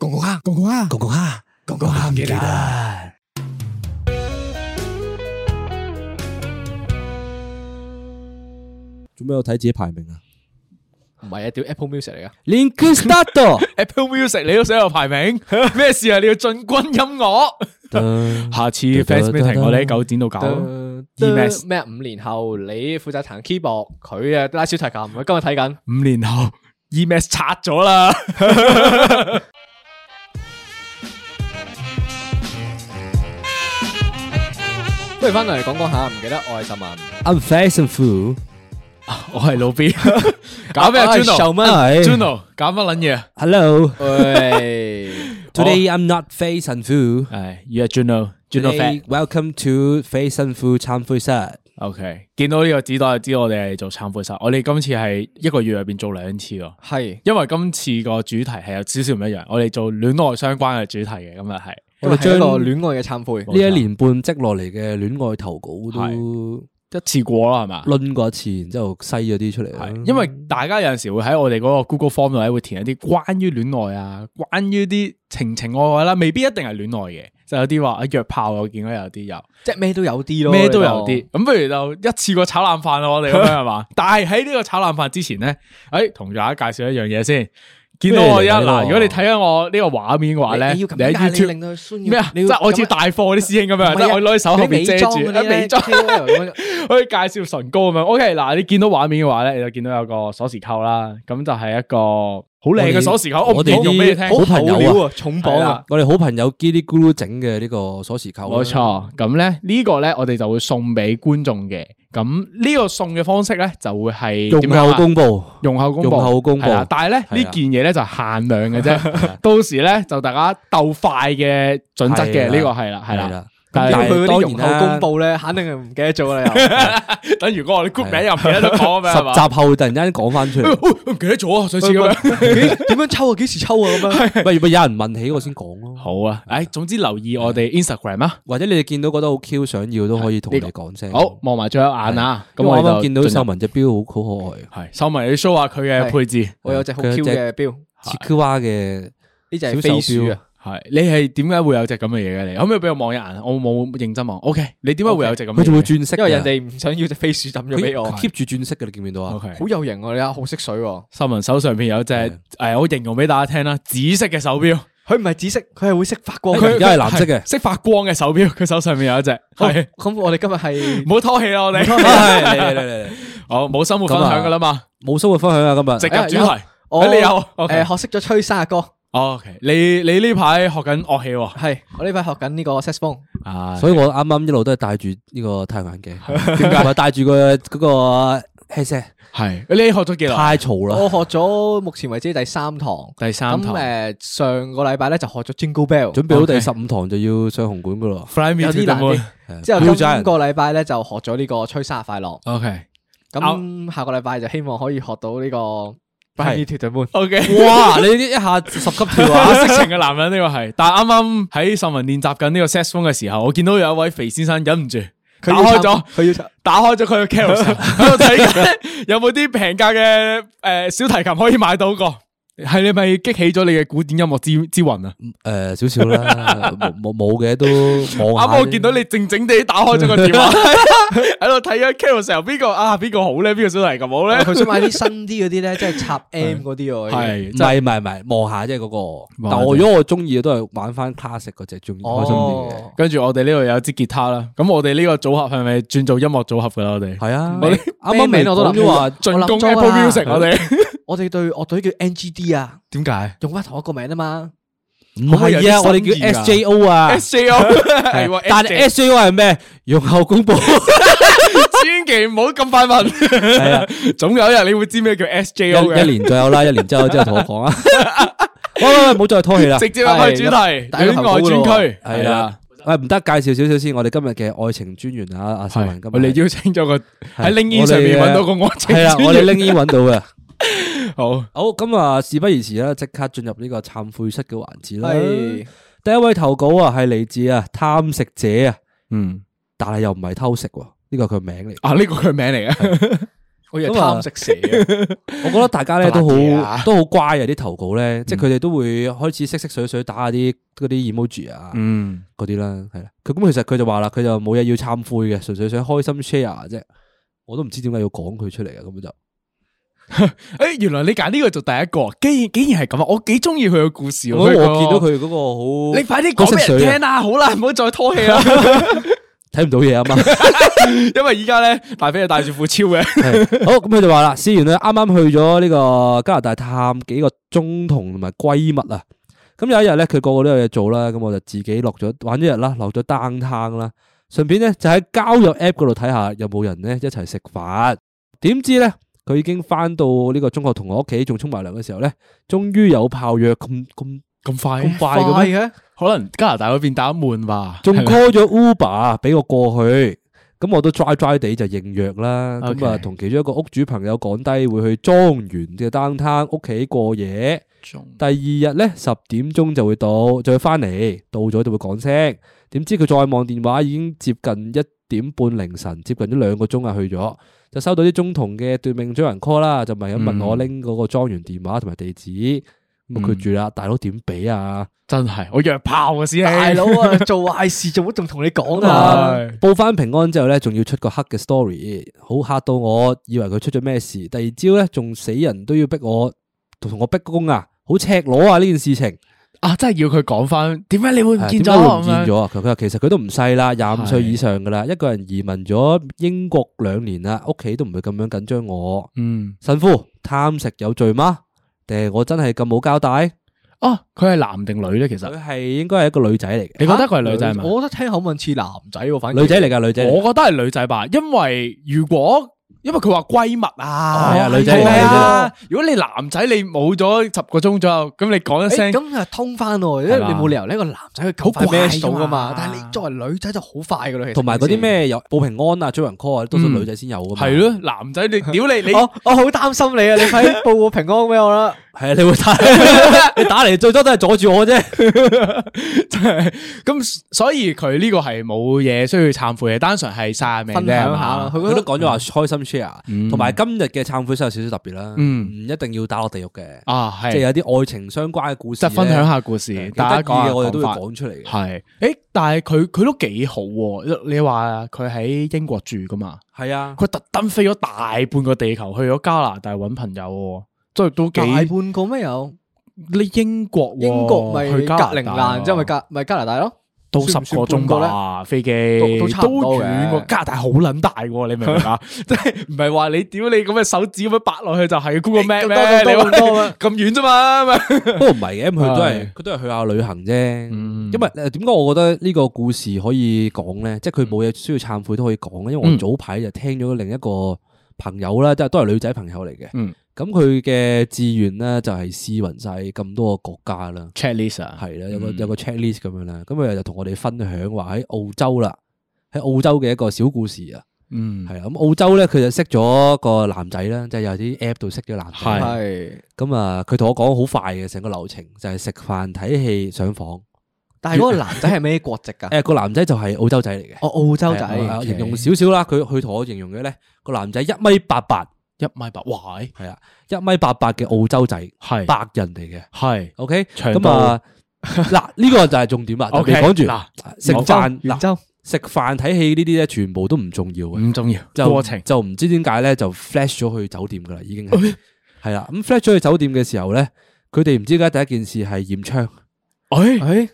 講講下，講講下，講講下，講講下，記得。做咩我睇自己排名啊？唔係啊，屌 Apple Music 嚟噶。Linkin Star，Apple Music 你都想有排名？咩事啊？你要進軍音樂？ 下次 fans meeting 我哋喺九點度搞。Emas 咩？五年後你負責彈 keyboard，佢啊拉小提琴。今日睇緊。五年後 Emas 拆咗了啦。 不如翻嚟講講下，唔記得我係十萬，I'm face and fool，我係老 B，搞咩啊，小乜嘢，Juno，搞乜撚嘢，Hello，喂，Today I'm not face and fool，係，You're Juno，Juno fan，Welcome to face and fool 懺悔室，OK，見到呢個紙袋就知我哋係做懺悔室，我哋今次係一個月入邊做兩次喎，係，因為今次個主題係有少少唔一樣，我哋做戀愛相關嘅主題嘅，今日係。我哋將戀愛嘅懺悔呢一年半積落嚟嘅戀愛投稿都一次過啦，係嘛？輪過一次，然之後篩咗啲出嚟。因為大家有陣時會喺我哋嗰個 Google Form 度咧，會填一啲關於戀愛啊，關於啲情情愛愛啦，未必一定係戀愛嘅，嗯、就有啲話啊約炮，我見到有啲有，即係咩都有啲咯，咩都有啲。咁不如就一次過炒冷飯咯，我哋係嘛？但係喺呢個炒冷飯之前咧，誒、哎，同大家介紹一樣嘢先。見到我呀嗱，如果你睇緊我呢個畫面嘅話咧，你喺 YouTube 令到咩啊？即係我似大貨啲師兄咁樣，即係我攞喺手後邊遮住，喺美妝，沒 可以介紹唇膏咁樣。O K，嗱，你見到畫面嘅話咧，你就見到有個鎖匙扣啦，咁就係一個。好靚嘅鎖匙扣，我哋要俾你聽，好朋友啊，重磅！我哋好朋友嘰里咕嚕整嘅呢個鎖匙扣，冇錯。咁咧呢個咧，我哋就會送俾觀眾嘅。咁呢個送嘅方式咧，就會係用口公布，用口公布，用口公布。但係咧呢件嘢咧就限量嘅啫，到時咧就大家鬥快嘅準則嘅呢個係啦，係啦。但係佢當然容後公布咧，肯定係唔記得咗啦。等如果我哋 group 名又唔記得講咩，十集後會突然間講翻出嚟，唔記得咗啊！上次點樣抽啊？幾時抽啊？咁樣？不如有人問起我先講咯。好啊，誒，總之留意我哋 Instagram 啊，或者你哋見到覺得好 Q，想要都可以同我哋講聲。好望埋最後眼啊！咁我見到秀文隻表好好可愛。係秀文，你 show 下佢嘅配置。我有隻好 Q 嘅表，Q 蛙嘅呢隻係飛鼠啊！係你係點解會有隻咁嘅嘢嘅，你可唔可以俾我望一眼？我冇認真望。O K，你點解會有隻咁？佢仲會轉色，因為人哋唔想要隻飛鼠抌咗俾我。keep 住轉色嘅，你見唔見到啊？OK，好有型啊！你啊，好識水。新聞手上邊有隻誒，我形容俾大家聽啦，紫色嘅手表，佢唔係紫色，佢係會識發光。佢而家係藍色嘅，識發光嘅手表，佢手上面有一隻。係咁，我哋今日係唔好拖戲啦，我哋嚟嚟嚟嚟嚟嚟嚟嚟嚟嚟嚟嚟嚟嚟嚟嚟嚟嚟嚟嚟嚟嚟嚟嚟嚟嚟嚟嚟嚟哦，你你呢排學緊樂器？係，我呢排學緊呢個色士風。啊，所以我啱啱一路都係戴住呢個太陽眼鏡，係咪？戴住個嗰個 headset 係。你學咗幾耐？太嘈啦！我學咗目前為止第三堂。第三堂誒，上個禮拜咧就學咗 Jingle Bell。準備好第十五堂就要上紅館噶啦。有啲難啲。之後今個禮拜咧就學咗呢個吹沙快樂。OK，咁下個禮拜就希望可以學到呢個。係脫對半，OK。哇！你啲一下十級跳啊， 色情嘅男人呢個係。但係啱啱喺上文練習緊呢個 Saxophone 嘅時候，我見到有一位肥先生忍唔住，打開咗，佢 要打開咗佢嘅 Carousell 喺度睇有冇啲平價嘅誒小提琴可以買到個。係你咪激起咗你嘅古典音樂之之魂啊？誒，少少啦，冇冇嘅都冇。啱啱我見到你靜靜地打開咗個電話，喺度睇咗 Carousel 邊個啊？邊個好咧？邊個小提琴好咧？佢想買啲新啲嗰啲咧，即係插 M 嗰啲。係，唔係唔係唔係望下啫，嗰個。但係如果我中意嘅都係玩翻 classic 嗰隻，中意開心啲嘅。跟住我哋呢度有支吉他啦。咁我哋呢個組合係咪轉做音樂組合噶啦？我哋係啊。啱啱名我都諗咗話進攻 Apple Music。我哋我哋對樂隊叫 NGD。點解？用翻同一個名啊嘛，唔係啊，我哋叫 S J O 啊，S J O 係，但係 S J O 係咩？容後公布，千祈唔好咁快問。係啊，總有一日你會知咩叫 S J O 嘅。一年左右啦，一年之後之後同我講啊。喂喂，唔好再拖戲啦，直接去主題，討論外專區。係啊，喂，唔得，介紹少少先。我哋今日嘅愛情專員啊，阿陳文，我哋要請咗個喺 LinkedIn 上面搵到個愛情專員。係啊，我哋 LinkedIn 搵到嘅。好好，咁啊，事不宜遲啦，即刻進入呢個懺悔室嘅環節啦。是第一位投稿、嗯、啊，係嚟自啊貪食者啊，嗯是，但係又唔係偷食喎，呢個係佢名嚟啊，呢個佢名嚟啊，我係貪食蛇。那 我覺得大家咧、啊、都好都好乖啊，啲投稿咧，嗯、即係佢哋都會開始識識水水打下啲啲 emoji 啊，emo 嗯，嗰啲啦，係啦，佢咁其實佢就話啦，佢就冇嘢要懺悔嘅，純粹想開心 share 啫，我都唔知點解要講佢出嚟啊，咁就。誒， 原來你揀呢個做第一個，竟竟然係咁啊！我幾中意佢嘅故事，啊，我見看 到佢嗰個好。你快啲講俾人聽啦，啊，啊、好啦，唔好再拖戲啦，睇唔到嘢啊嘛！因為而家咧，大飛係戴住副超嘅。好，咁佢就話啦，雖然咧啱啱去咗呢個加拿大探幾個中同同埋閨蜜啊，咁有一日咧，佢個個都有嘢做啦，咁我就自己落咗玩一日啦，落咗單攤啦，順便咧就喺交友 app 嗰度睇下有冇人咧一齊食飯，點知咧？佢已經翻到呢個中學同學屋企，仲沖埋涼嘅時候咧，終於有炮約咁咁咁快，咁快嘅，欸啊，可能加拿大嗰邊打悶？吧，仲 call 咗 Uber 俾我過去，咁吧我都 dry, dry dry 地就應約啦。咁啊，同其中一個屋主朋友講低會去莊園嘅 downtown 屋企過夜。還第二日咧十點鐘就會到，就會翻嚟，到咗就會講聲。點知佢再望電話已經接近一點半凌晨接近咗兩個鐘啊，去咗就收到啲中同嘅奪命追魂 call 啦、嗯，就問有問我拎嗰個莊園電話同埋地址，咁佢、嗯、住啦，大佬點俾啊？真係我約炮嘅先，大佬啊，做壞事做咗仲同你講啊！ 啊嗯、報翻平安之後咧，仲要出個黑嘅 story，好嚇到我以為佢出咗咩事。第二朝咧仲死人都要逼我同我逼供啊，好赤裸啊呢件事情。啊！真係要佢講翻，點解你會唔見咗？點解會唔見咗啊？佢話其實佢都唔細啦，廿五歲以上噶啦，一個人移民咗英國兩年啦，屋企都唔會咁樣緊張我。嗯，神父貪食有罪嗎？定係我真係咁冇交代？哦，佢係男定女咧？其實佢係應該係一個女仔嚟嘅。你覺得佢係女仔嗎？我覺得聽口吻似男仔，反女仔嚟噶女仔。我覺得係女仔吧，因為如果。因為佢話閨蜜啊，女仔嚟啦。如果你男仔你冇咗十個鐘左右，咁你講一聲，咁啊通翻，因為你冇理由呢個男仔佢好快數噶嘛。但係你作為女仔就好快噶啦，同埋嗰啲咩有報平安啊、追人 call 啊，都算女仔先有噶嘛。係咯，男仔你屌你你，我我好擔心你啊，你快報個平安俾我啦。係你會打嚟，你打嚟最多都係阻住我啫。即係咁，所以佢呢個係冇嘢需要懺悔嘅，單純係晒命，分享下。佢都講咗話開心 share，同埋今日嘅懺悔真有少少特別啦。嗯，唔一定要打落地獄嘅啊，即係有啲愛情相關嘅故事，分享下故事，大家講嘅我哋都會講出嚟嘅。係，誒，但係佢佢都幾好。你話佢喺英國住噶嘛？係啊，佢特登飛咗大半個地球去咗加拿大搵朋友。即係都幾大半個咩有？你英國、英國咪去加、零難，即係咪加咪加拿大咯？到十個鐘個咧，飛機都都遠個加拿大好捻大嘅，你明唔明啊？即係唔係話你屌你咁嘅手指咁樣拔落去就係估個咩咩？你咁遠啫嘛？不過唔係嘅，佢都係佢都係去下旅行啫。因為點解我覺得呢個故事可以講咧？即係佢冇嘢需要懺悔都可以講咧。因為我早排就聽咗另一個朋友啦，即係都係女仔朋友嚟嘅。咁佢嘅志願咧就係、是、試勻晒咁多個國家啦。Checklist 啊，係啦，有個有個 checklist 咁樣啦。咁佢就同我哋分享話喺澳洲啦，喺澳洲嘅一個小故事啊。嗯，係啦。咁澳洲咧，佢就識咗個男仔啦，即、就、係、是、有啲 app 度識咗男仔。係是。咁啊，佢同我講好快嘅，成個流程就係、是、食飯、睇戲、上房。但係嗰個男仔係咩國籍噶？誒、 哎，個男仔就係澳洲仔嚟嘅。哦，澳洲仔。形容少少啦，佢佢同我形容嘅咧，個男仔一米八八,八。一米八，哇！係啊，一米八八嘅澳洲仔，係白人嚟嘅，係，OK。咁啊，嗱呢個就係重點啦。我哋講住，食飯，食飯睇戲呢啲咧，全部都唔重要嘅，唔重要。就過程就唔知點解咧，就 flash 咗去酒店噶啦，已經係係啦。咁 flash 咗去酒店嘅時候咧，佢哋唔知點解第一件事係驗槍。誒誒，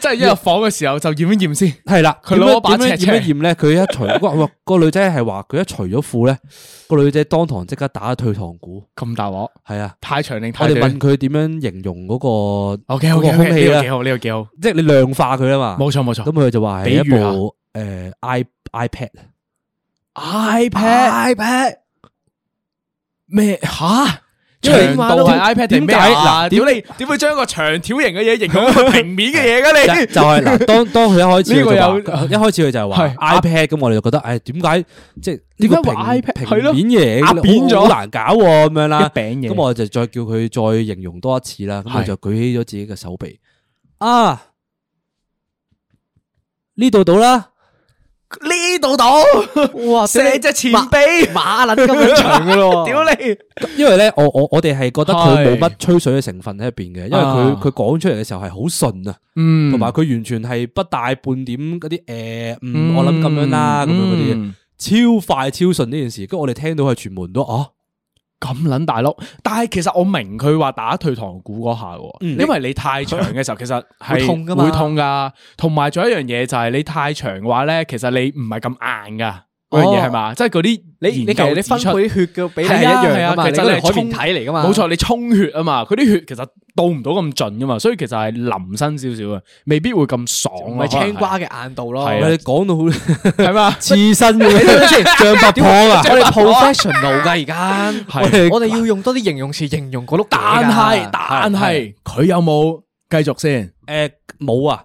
即係一入房嘅時候就驗一驗先。係啦，佢攞把尺尺。點樣驗咧？佢一除，哇！個女仔係話佢一除咗褲咧，個女仔當堂即刻打退堂鼓。咁大鑊係啊！太長定太長？我哋問佢點樣形容嗰個？OK OK OK，呢個幾好，呢個幾好。即係你量化佢啊嘛。冇錯冇錯。咁佢就話係一部誒 iPad。iPad iPad 咩吓？長都係 iPad 點解？嗱，點你點會將一個長條形嘅嘢形容一個平面嘅嘢噶？你就係嗱，當當佢一開始就一開始佢就係話 iPad 咁，我哋就覺得，誒，點解即係呢個 iPad 平面形，扁咗好難搞咁樣啦？咁我就再叫佢再形容多一次啦。咁佢就舉起咗自己嘅手臂啊，呢度到啦。呢度到，哇！啊、成隻前臂馬林咁長嘅咯，屌你！因為咧，我我我哋係覺得佢冇乜吹水嘅成分喺入邊嘅，因為佢佢講出嚟嘅時候係好順啊，嗯，同埋佢完全係不大半點嗰啲誒，嗯、呃，我諗咁樣啦，咁樣嗰啲，超快超順呢件事，跟住我哋聽到係全門都啊。咁捻大碌，但係其實我明佢話打退堂鼓嗰下嘅，嗯、因為你太長嘅時候， 其實會痛噶嘛，會痛噶。同埋仲有一樣嘢就係你太長嘅話咧，其實你唔係咁硬噶。哦，係嘛，即係嗰啲你你研究你分配啲血嘅比例係一樣噶嘛，佢真係群體嚟噶嘛，冇錯，你充血啊嘛，佢啲血其實到唔到咁盡噶嘛，所以其實係淋身少少啊，未必會咁爽。咪青瓜嘅硬度咯，你講到好係嘛，刺身，你都知，將突破，我哋 professional 噶而家，我哋我哋要用多啲形容詞形容嗰碌蛋，但係但係佢有冇繼續先？誒，冇啊。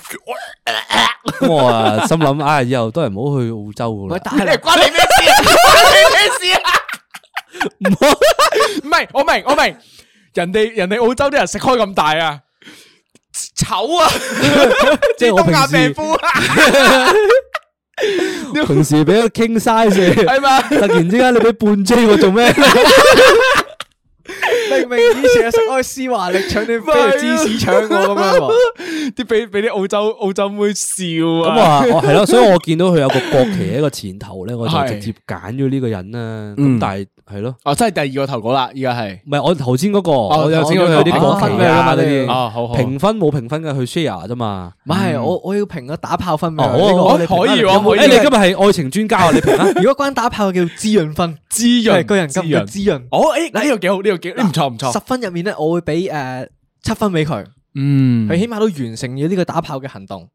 咁我啊心諗啊以後都係唔好去澳洲嘅。關你咩事？關你咩事啊？唔好，唔係我明我明，人哋人哋澳洲啲人食開咁大啊，醜啊，即係東亞病夫。平時俾佢傾 size 係嘛，突然之間你俾半 J 我做咩？ 明明以前係食開思華力腸，你俾條芝士腸我咁樣，啲俾俾啲澳洲澳洲妹，妹笑啊！咁啊、 嗯，係、嗯、咯，所以我見到佢有個國旗喺個前頭咧，我就直接揀咗呢個人啦。咁但係。係咯，哦，即係第二個投稿啦，而家係，唔係我頭先嗰個，我頭先嗰有啲過分啦嘛，你，哦，好好，評分冇評分嘅去 share 啫嘛，唔係我我要評個打炮分，哦，我可以我可以，誒，你今日係愛情專家啊，你評啊，如果關打炮叫滋潤分，滋潤個人今日滋潤，哦，誒，嗱呢個幾好，呢個幾唔錯唔錯，十分入面咧我會俾誒七分俾佢。嗯，佢起碼都完成咗呢個打炮嘅行動。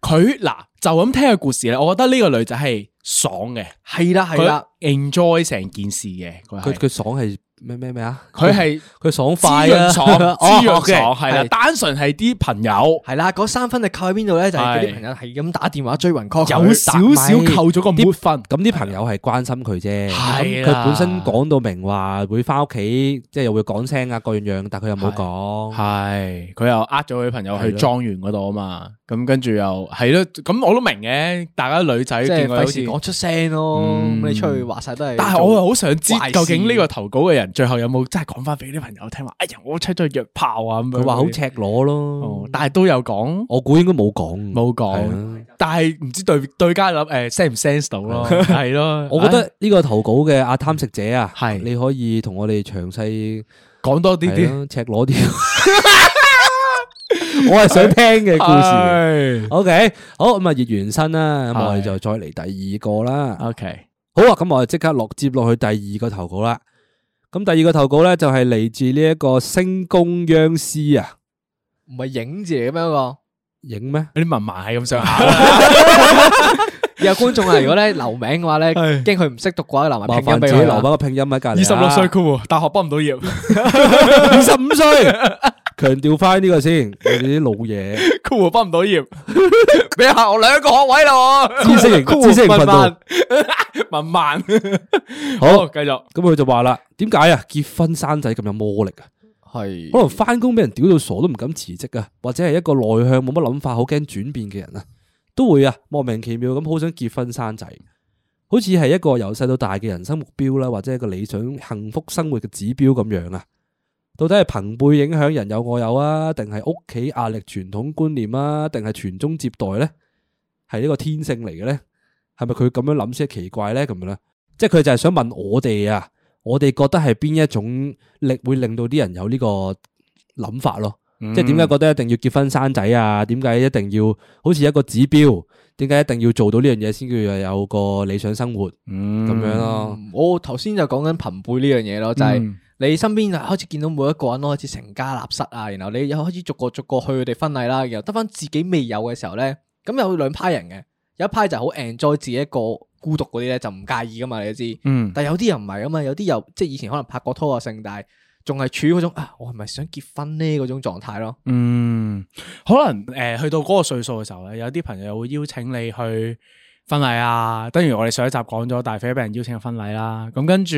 佢嗱就咁聽個故事咧，我覺得呢個女仔係爽嘅，係啦係啦，enjoy 成件事嘅，佢佢爽係。咩咩咩啊！佢係佢爽快啊，爽人藏，知人藏係單純係啲朋友係啦。嗰三分力扣喺邊度咧？就係、是、啲朋友係咁打電話追云 l 有少少扣咗個分。咁啲朋友係關心佢啫。係佢本身講到明話會翻屋企，即係又會講聲啊各樣樣，但佢又冇講。係佢又呃咗佢朋友去莊園嗰度啊嘛。咁跟住又係咯。咁我都明嘅。大家女仔即係費事講出聲咯。咁、嗯、你出去話晒都係。但係我好想知究竟呢個投稿嘅人。最後有冇真係講翻俾啲朋友聽話？哎呀，我出咗約炮啊！咁佢話好赤裸咯，但係都有講。我估應該冇講，冇講。但係唔知對對家諗誒，sense 唔 sense 到咯？係咯，我覺得呢個投稿嘅阿貪食者啊，係你可以同我哋詳細講多啲啲赤裸啲。我係想聽嘅故事。OK，好咁啊，熱完身啦，咁我哋就再嚟第二個啦。OK，好啊，咁我哋即刻落接落去第二個投稿啦。咁第二個投稿咧就係嚟自呢一個星宮央司啊，唔係影字嘅咩，嗰個影咩？啲文盲係咁上下。有觀眾啊，如果咧留名嘅話咧，驚佢唔識讀啩，留埋拼音俾佢。留返個拼音啊，二十六歲 cool，大學畢唔到業，二十五歲。強調翻呢個先，你哋啲 老嘢爺，酷我分唔到頁，俾下我兩個學位咯，知識型， 知文文文文， 慢慢 好，繼 續。咁佢就話啦，點解啊？結婚生仔咁有魔力啊？係是可能翻工俾人屌到傻都唔敢辭職啊，或者係一個內向冇乜諗法，好驚轉變嘅人啊，都會啊，莫名其妙咁好想結婚生仔，好似係一個由細到大嘅人生目標啦，或者一個理想幸福生活嘅指標咁樣啊。到底係朋輩影響人有我有啊，定係屋企壓力、傳統觀念啊，定係傳宗接代咧？係呢個天性嚟嘅咧？係咪佢咁樣諗先奇怪咧？咁樣咧，即係佢就係、是、想問我哋啊，我哋覺得係邊一種力會令到啲人有呢個諗法咯？嗯、即係點解覺得一定要結婚生仔啊？點解一定要好似一個指標？點解一定要做到呢樣嘢先叫有個理想生活咁、嗯、樣咯？我頭先就講緊朋輩呢樣嘢咯，就係、是。嗯你身邊就開始見到每一個人都開始成家立室啊，然後你又開始逐個逐個去佢哋婚禮啦，然後得返自己未有嘅時候咧，咁有兩派人嘅，有一派就好 enjoy 自己一個孤獨嗰啲咧，就唔介意㗎嘛，你都知。嗯。但係有啲又唔係啊嘛，有啲又即係以前可能拍過拖啊，剩，大仲係處於嗰種啊，「我係咪想結婚呢」嗰種狀態咯。嗯。可能誒、呃，去到嗰個歲數嘅時候咧，有啲朋友會邀請你去婚禮啊，當然我哋上一集講咗大飛俾人邀請嘅婚禮啦、啊，咁跟住。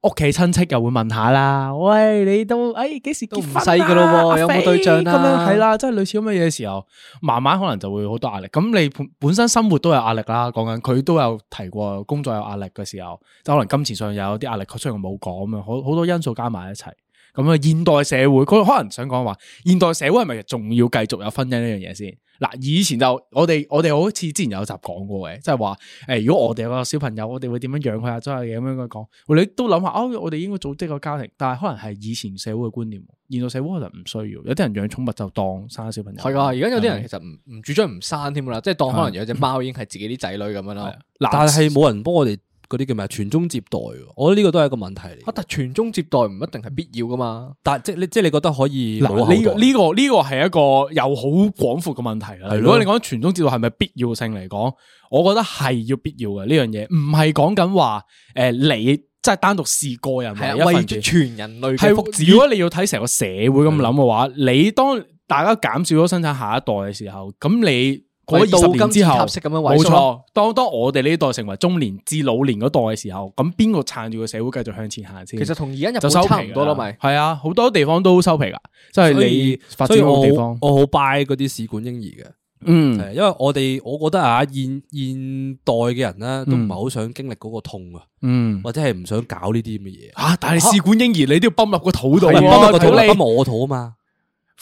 屋企親戚又會問下啦，喂，你都誒幾時結婚啊？啊有冇對象啦、啊？係啦，即係類似咁嘅嘢時候，慢慢可能就會好多壓力。咁你本身生活都有壓力啦，講緊佢都有提過工作有壓力嘅時候，就可能金錢上有啲壓力出，佢雖然冇講嘛，好好多因素加埋一齊。咁啊，現代社會佢可能想講話，現代社會係咪仲要繼續有婚姻呢樣嘢、這個、先？嗱，以前就我哋我哋好似之前有集講過嘅，即係話，誒、欸，如果我哋有個小朋友，我哋會點樣養佢啊？即係咁樣去講，你都諗下，哦，我哋應該組織個家庭，但係可能係以前社會嘅觀念，現代社會可能唔需要，有啲人養寵物就當生小朋友，係噶，而家有啲人其實唔唔主張唔生添啦，即係當可能養隻貓已經係自己啲仔女咁樣咯。的嗯、但係冇人幫我哋。嗰啲叫咩啊？傳宗接代，我覺得呢個都係一個問題嚟。啊，但傳宗接代唔一定係必要噶嘛。但即你即你覺得可以，嗱，呢呢個呢、這個係一個又好廣闊嘅問題啦。的如果你講傳宗接待係咪必要性嚟講，我覺得係要必要嘅呢樣嘢，唔係講緊話誒你即單獨是個人係的一份全人類。係，如果你要睇成個社會咁諗嘅話，的你當大家減少咗生產下一代嘅時候，咁你。過二十年之後，冇錯錯。當當我哋呢代成為中年至老年嗰代嘅時候，咁邊個撐住個社會繼續向前行先？其實同而家日本差唔多咯，咪係啊，好多地方都收皮噶，即係你發展好地方，我好拜嗰啲試管嬰兒嘅，嗯，因為我哋我覺得、嗯、啊，現現代嘅人咧，都唔係好想經歷嗰個痛啊，嗯、啊，或者係唔想搞呢啲咁嘅嘢。吓，但係試管嬰兒你都要泵入個肚度，泵入個肚，泵我肚啊嘛。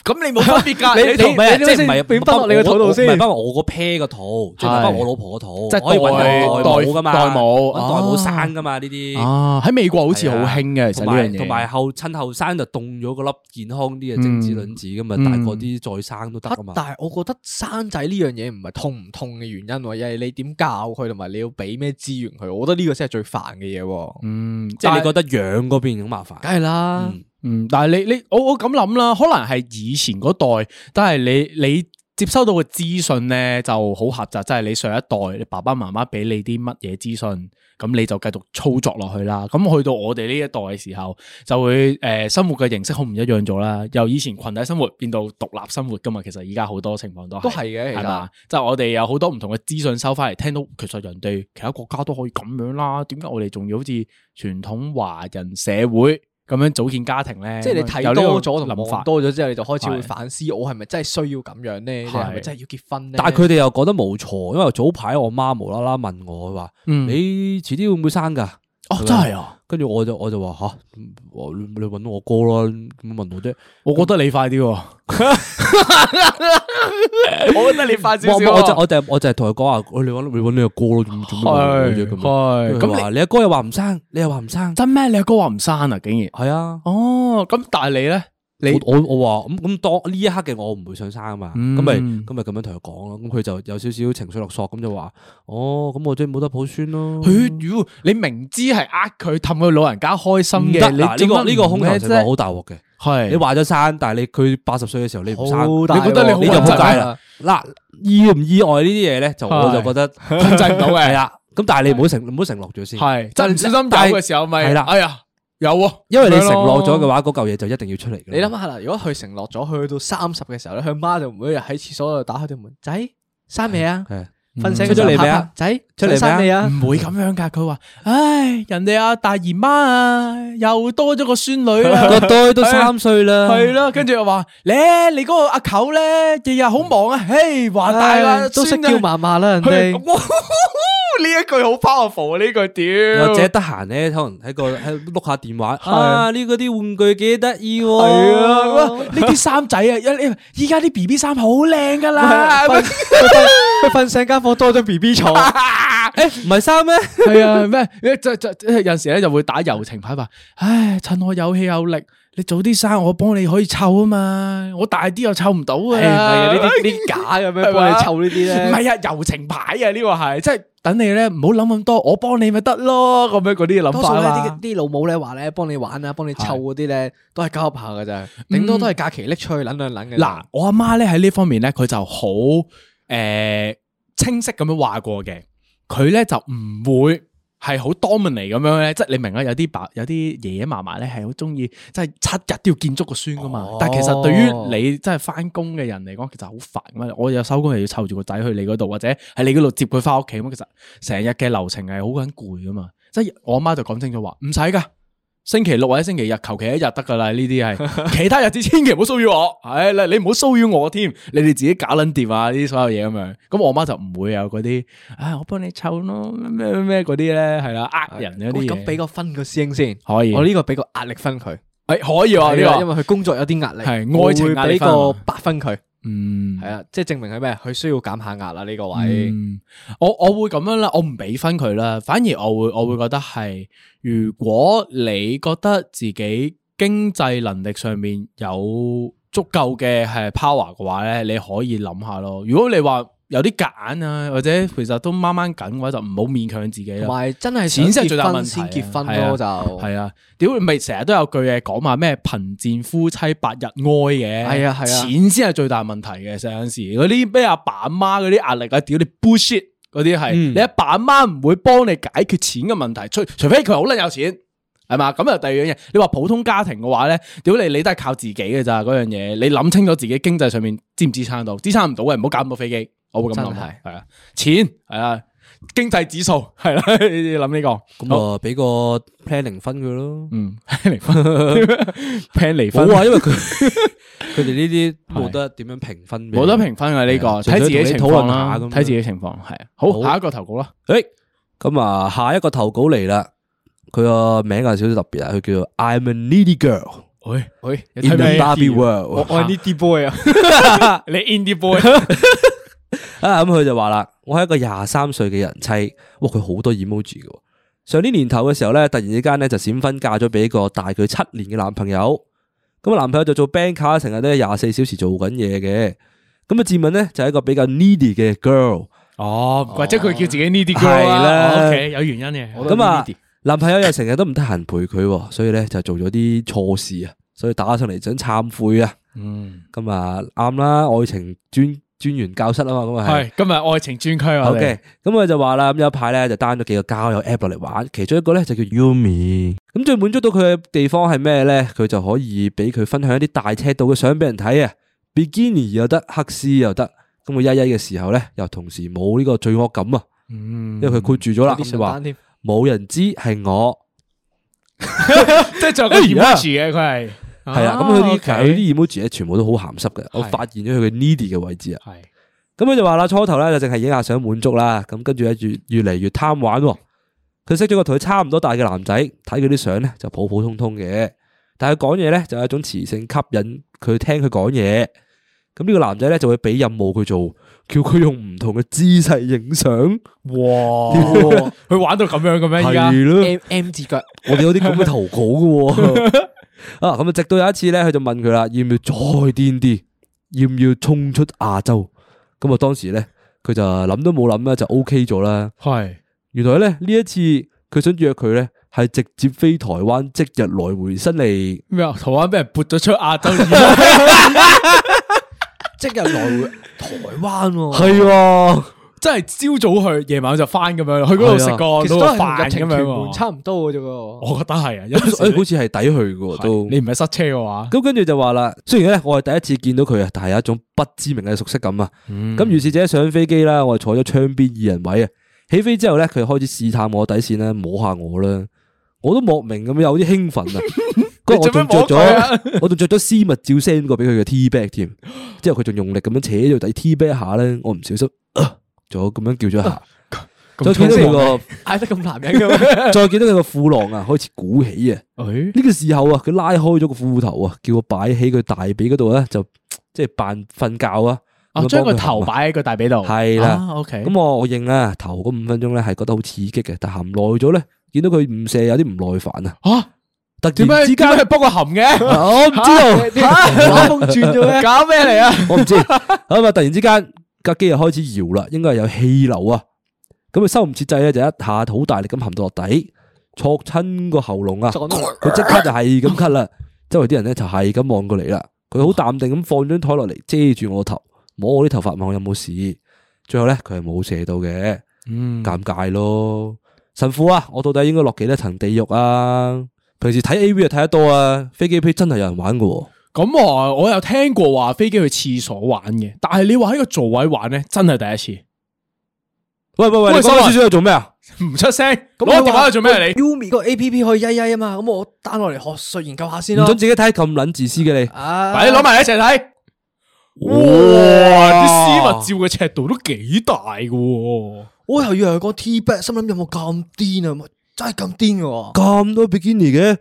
咁你冇分別㗎，你同你即係唔係？唔係包括你個肚度先，唔係包括我個胚個肚，仲唔係包括我老婆個肚？即係可以代代嘛，代母、代母生噶嘛？呢啲哦喺美國好似好興嘅，同埋同埋後趁後生就凍咗個粒健康啲嘅精子卵子咁嘛。大個啲再生都得啊嘛。但係我覺得生仔呢樣嘢唔係痛唔痛嘅原因喎，而係你點教佢同埋你要俾咩資源佢。我覺得呢個先係最煩嘅嘢喎。嗯，即係你覺得養嗰邊好麻煩，梗係啦。嗯，但係你你我我咁諗啦，可能係以前嗰代都係你你接收到嘅資訊咧就好狹窄。即係你上一代你爸爸媽媽俾你啲乜嘢資訊，咁你就繼續操作落去啦。咁去到我哋呢一代嘅時候，就會誒、呃、生活嘅形式好唔一樣咗啦。由以前群體生活變到獨立生活噶嘛。其實依家好多情況都都係嘅，係啦，即係我哋有好多唔同嘅資訊收翻嚟，聽到其實人哋其他國家都可以咁樣啦，點解我哋仲要好似傳統華人社會？咁樣組建家庭咧，即係你睇多咗同諗法多咗之後，你就開始會反思，我係咪真係需要咁樣咧？係咪是的 真係要結婚咧？但係佢哋又覺得冇錯，因為早排我媽無啦啦問我話：，嗯，你遲啲會唔會生噶？哦，真係啊！ 跟住我就我就話吓，我、啊、你你搵到我哥咯，咁問我啫。我覺得你快啲， 我覺得你快啲。」少。我就我就我就係同佢講話，我、啊、你搵你搵你阿哥咯，咁樣嘅啫。咁是你阿哥又話唔生，你又話唔生，真咩？你阿哥話唔生啊？竟然係啊。哦，咁但係你咧？你我我話咁咁當呢一刻嘅我唔會想生啊嘛，咁咪咁咪咁樣同佢講咯，咁佢就有少少情緒落索咁就話，哦，咁我真冇得抱孫咯，佢妖，你明知係呃佢氹佢老人家開心嘅，嗱呢個呢個空氣真係好大鑊嘅，係你話咗生，但係你佢八十歲嘅時候你唔生，你覺得你你就撲街啦，嗱意唔意外呢啲嘢咧就我就覺得控制唔到嘅，係啦，咁但係你唔好唔好承諾咗先，係真唔小心走嘅時候咪係啦，哎呀。有啊，因為你承諾咗嘅話，嗰嚿嘢就一定要出嚟。你諗下啦，如果佢承諾咗，去到三十嘅時候咧，佢媽就每日喺廁所度打開條門，仔生未啊？瞓醒咗出嚟未啊？仔出嚟未啊？唔會咁樣噶，佢話，唉，人哋啊，大姨媽啊，又多咗個孫女，個仔都三歲啦，係咯，跟住又話咧，你嗰個阿舅咧，日日好忙啊，唉，話大啦，都識得叫嫲嫲啦，人哋。呢一句好 powerful 啊！句 呢句屌，或者得閒咧，可能喺個喺度碌下電話。 啊，呢嗰啲玩具幾得意喎。係啊，呢啲衫仔啊，依依家啲 B B 衫好靚噶啦。瞓醒間房多咗 B B 床。誒、 欸，唔係衫咩？係 啊咩？有陣時咧就會打柔情牌話，唉，趁我有氣有力。你早啲生，我幫你可以湊啊嘛！我大啲又湊唔到啊！係唔、哎、啊？些 呢啲啲假咁樣幫你湊呢啲咧？唔係 啊，柔情牌啊！這個、呢個係即係等你咧，唔好諗咁多，我幫你咪得咯咁樣嗰啲諗法啦。多數咧啲啲老母咧話咧，幫你玩啊，幫你湊嗰啲咧，是都係交下嘅咋，頂、嗯、多，多都係假期搦出去諗諗諗嘅。嗱，我阿媽咧喺呢方面咧，佢就好誒、呃、清晰咁樣話過嘅，佢咧就唔會。係好 domine 咁樣咧，即係、就是，你明啊？有啲爸有啲爺爺嫲嫲咧，係好中意，即係七日都要見足個孫噶嘛。哦、但係其實對於你真係翻工嘅人嚟講，其實好煩噶。我有收工又要湊住個仔去你嗰度，或者喺你嗰度接佢翻屋企咁。其實成日嘅流程係好緊攰噶嘛。即、就、係、是、我媽就講清楚話，唔使噶。星期六或者星期日，求其一日得噶啦，呢啲係其他日子千祈唔好騷擾我。係， 你你唔好騷擾我添，你哋自己搞捻掂啊！呢啲所有嘢咁樣，咁我媽就唔會有嗰啲，唉、哎，我幫你湊咯咩咩嗰啲咧，係啦，呃人嗰啲嘢。咁俾個分個師兄先，可以。我呢個俾個壓力分佢，係可以啊。呢的、這個因為佢工作有啲壓力，係愛情俾呢個八分佢。 嗯，係啊，即係證明係咩？佢需要減下壓啦呢個位，我我會咁樣啦，我唔俾分佢啦，反而我會我會覺得係，如果你覺得自己經濟能力上面有足夠嘅係 power 嘅話咧，你可以諗下咯。如果你話，有啲揀啊，或者其實都掹掹緊嘅話，就唔好勉強自己。同埋真係錢先係最大問題。先結婚咯就係啊，屌你咪成日都有句嘢講話咩貧賤夫妻百日哀嘅，係啊係啊，啊啊啊錢先係最大問題嘅。有陣時嗰啲咩阿爸阿媽嗰啲壓力啊，屌、嗯、你 bull shit 嗰啲係，你阿爸阿媽唔會幫你解決錢嘅問題，除除非佢好撚有錢，係嘛？咁又第二樣嘢，你話普通家庭嘅話咧，屌你你都係靠自己嘅咋嗰樣嘢，你諗清楚自己經濟上面支唔支撐到，支撐唔到嘅唔好搞咁多飛機。我會咁諗係係啊，錢係啊，經濟指數係啦，你諗呢個咁啊，俾個 plan 零分佢咯，嗯，零分 plan 離分，冇，因為佢佢哋呢啲冇得點樣評分，冇得評分啊。呢個，睇自己情況啦，睇自己情況係啊，好，下一個投稿啦，誒，咁啊下一個投稿嚟啦，佢個名有少少特別啊，佢叫做 I'm a needy girl，喂喂，in the Barbie world，我係 needy boy 啊，你 indie boy。啊，咁佢就話啦，我係一個廿三歲嘅人妻，哇佢好多 emoji 嘅。上年年頭嘅時候咧，突然之間咧就閃婚嫁咗俾一個大佢七年嘅男朋友。咁啊男朋友就做 bank 卡，成日都廿四小時做緊嘢嘅。咁啊自問咧就係一個比較 needy 嘅 girl 哦，或者佢叫自己 needy girl、oh、啦。OK 有原因嘅、啊。咁啊呢男朋友又成日都唔得閒陪佢，所以咧就做咗啲錯事啊，所以打上嚟想懺悔啊。嗯，咁啊啱啦，愛情專專員教室啊嘛，咁啊係。係今日愛情專區，我 OK 嘅，咁佢就話啦，咁有一排咧就 down 咗幾個交友 app 嚟玩，其中一個咧就叫 Yueme。咁最滿足到佢嘅地方係咩咧？佢就可以俾佢分享一啲大尺度嘅相俾人睇啊，Bikini 又得，黑絲又得。咁佢一一嘅時候咧，又同時冇呢個罪惡感啊。嗯。因為佢箍住咗啦，咁啊冇人知係我。即係做緊隱私嘅佢。係啦，咁佢啲其實佢啲 emoji 咧，啊、okay, emo 全部都好鹹濕嘅。是我發現咗佢嘅 needy 嘅位置啊。係是，咁佢、嗯、就話啦，初頭咧就淨係影下相滿足啦。咁、哦、跟住咧越越嚟越貪玩。佢識咗個同佢差唔多大嘅男仔，睇佢啲相咧就普普通通嘅。但係佢講嘢咧就有一種磁性吸引佢聽佢講嘢。咁呢個男仔咧就會俾任務佢做，叫佢用唔同嘅姿勢影相。哇！佢 玩到咁樣嘅咩？係了 m, m 字腳，我哋有啲咁嘅投稿嘅、哦。 啊，咁啊，直到有一次咧，佢就問佢啦，要唔要再癲啲，要唔要衝出亞洲？咁啊，當時咧，佢就諗都冇諗啦，就 OK 咗啦。係原來咧呢一次，佢想約佢咧，係直接飛台灣，即日來回新嚟。咩啊？台灣俾人撥咗出亞洲，即日來回台灣。係。真係朝早去，夜晚就翻咁樣去嗰度食過飯咁樣，差唔多嘅啫。我覺得係啊，此 好似係抵去嘅都。你唔係塞車嘅話，咁跟住就話啦。雖然咧，我係第一次見到佢啊，但係有一種不知名嘅熟悉感啊。咁於、嗯、是者上飛機啦，我係坐咗窗邊二人位啊。起飛之後咧，佢開始試探我底線啦，摸下我啦。我都莫名咁有啲興奮 啊。我仲着咗，我仲着咗私密照 send 過俾佢嘅 T back 添。之後佢仲用力咁樣扯咗底 T back 下咧，我唔小心。呃就咁樣叫咗一下，就見到佢個嗌得咁男人，再見到佢個褲囊啊，開始鼓起啊。呢個時候啊，佢拉開咗個褲頭啊，叫我擺喺佢大髀嗰度咧，就即係扮瞓覺啊。啊，將個頭擺喺佢大髀度，係啦。OK。咁我我認啦，頭嗰五分鐘咧係覺得好刺激嘅，但係含耐咗咧，見到佢唔射，有啲唔耐煩啊。吓，突然之間係幫佢含嘅，我唔知啊。畫風轉咗咩？搞咩嚟啊？我唔知。咁啊，突然之間。架機又開始搖啦，應該係有氣流啊，咁佢收唔切掣咧，就一下好大力咁含到落底，戳親個喉嚨啊，佢即刻就係咁咳啦，周圍啲人咧就係咁望過嚟啦，佢好淡定咁放張台落嚟遮住我頭，摸我啲頭髮，問我有冇事，最後咧佢係冇射到嘅，嗯、尷尬咯，神父啊，我到底應該落幾多層地獄啊？平時睇 A V 又睇得多啊，飛機片真係有人玩噶。咁啊，我有聽過話飛機去廁所玩嘅，但係你話喺個座位玩咧，真係第一次。喂喂喂，收廁所做咩啊？唔出聲，攞電話去做咩？你 Umi 個 APP 可以曳曳啊嘛，咁我 download 落嚟學術研究下先咯。唔準自己睇咁撚自私嘅你，快攞埋一齊睇。哇，啲私密照嘅尺度都幾大㗎。我又要佢個 T back，心諗有冇咁癲啊？真係咁癲㗎，咁多 bikini 嘅。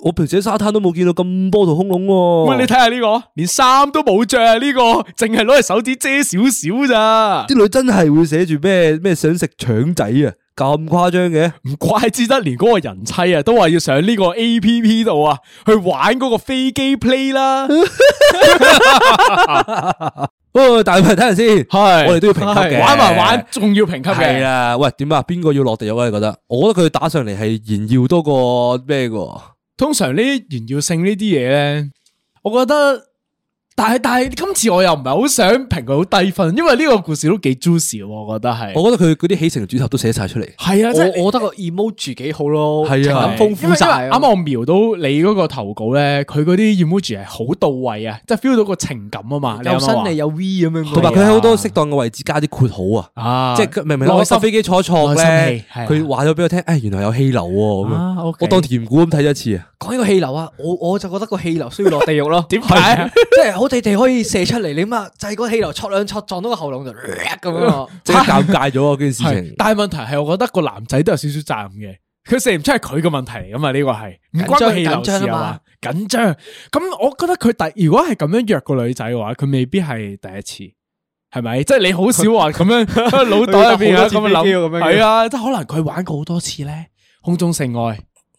我平時喺沙灘都冇見到咁波濤洶湧喎。喂，你睇下呢個，連衫都冇着啊！呢、這個淨係攞隻手指遮少少咋？啲女真係會寫住咩咩想食腸仔啊？咁誇張嘅？唔怪之得，連嗰個人妻啊都話要上呢個 A P P 度啊，去玩嗰個飛機 play 啦。哦，但係睇下先，係 我哋都要評級嘅， 玩埋玩仲要評級係啦。 喂，點啊？邊個要落地啊？我哋覺得，我覺得佢打上嚟係炫耀多過咩嘅。通常呢啲炫耀性呢啲嘢咧，我覺得。但係但係今次我又唔係好想評佢好低分，因為呢個故事都幾 juicy 嘅，我覺得係。我覺得佢嗰啲起承轉合都寫晒出嚟。係啊，我我覺得個 emoji 幾好咯，情感豐富曬。啱啱我瞄到你嗰個投稿咧，佢嗰啲 emoji 係好到位啊，即係 feel 到個情感啊嘛。有心你有 V 咁樣。同埋佢喺好多適當嘅位置加啲括號啊，即係明明內心飛機坐坐咧，佢話咗俾我聽，原來有氣流喎。啊，我當甜故咁睇咗一次啊。講呢個氣流啊，我我就覺得個氣流需要落地獄咯。點解？即係好。我哋哋可以射出嚟，你嘛就係個氣流兩，戳兩戳撞到個喉嚨就咁啊，即係尷尬咗啊，件事情。但係問題係，我覺得個男仔都有少少責任嘅，佢射唔出係佢個問題嚟噶，呢個係唔關個氣流事啊嘛？緊張張。咁張我覺得佢第如果係咁樣約個女仔嘅話，佢未必係第一次，係咪？即、就、係、是、你好少話咁樣腦袋入邊咁樣諗。係啊，即係可能佢玩過好多次咧，空中性愛。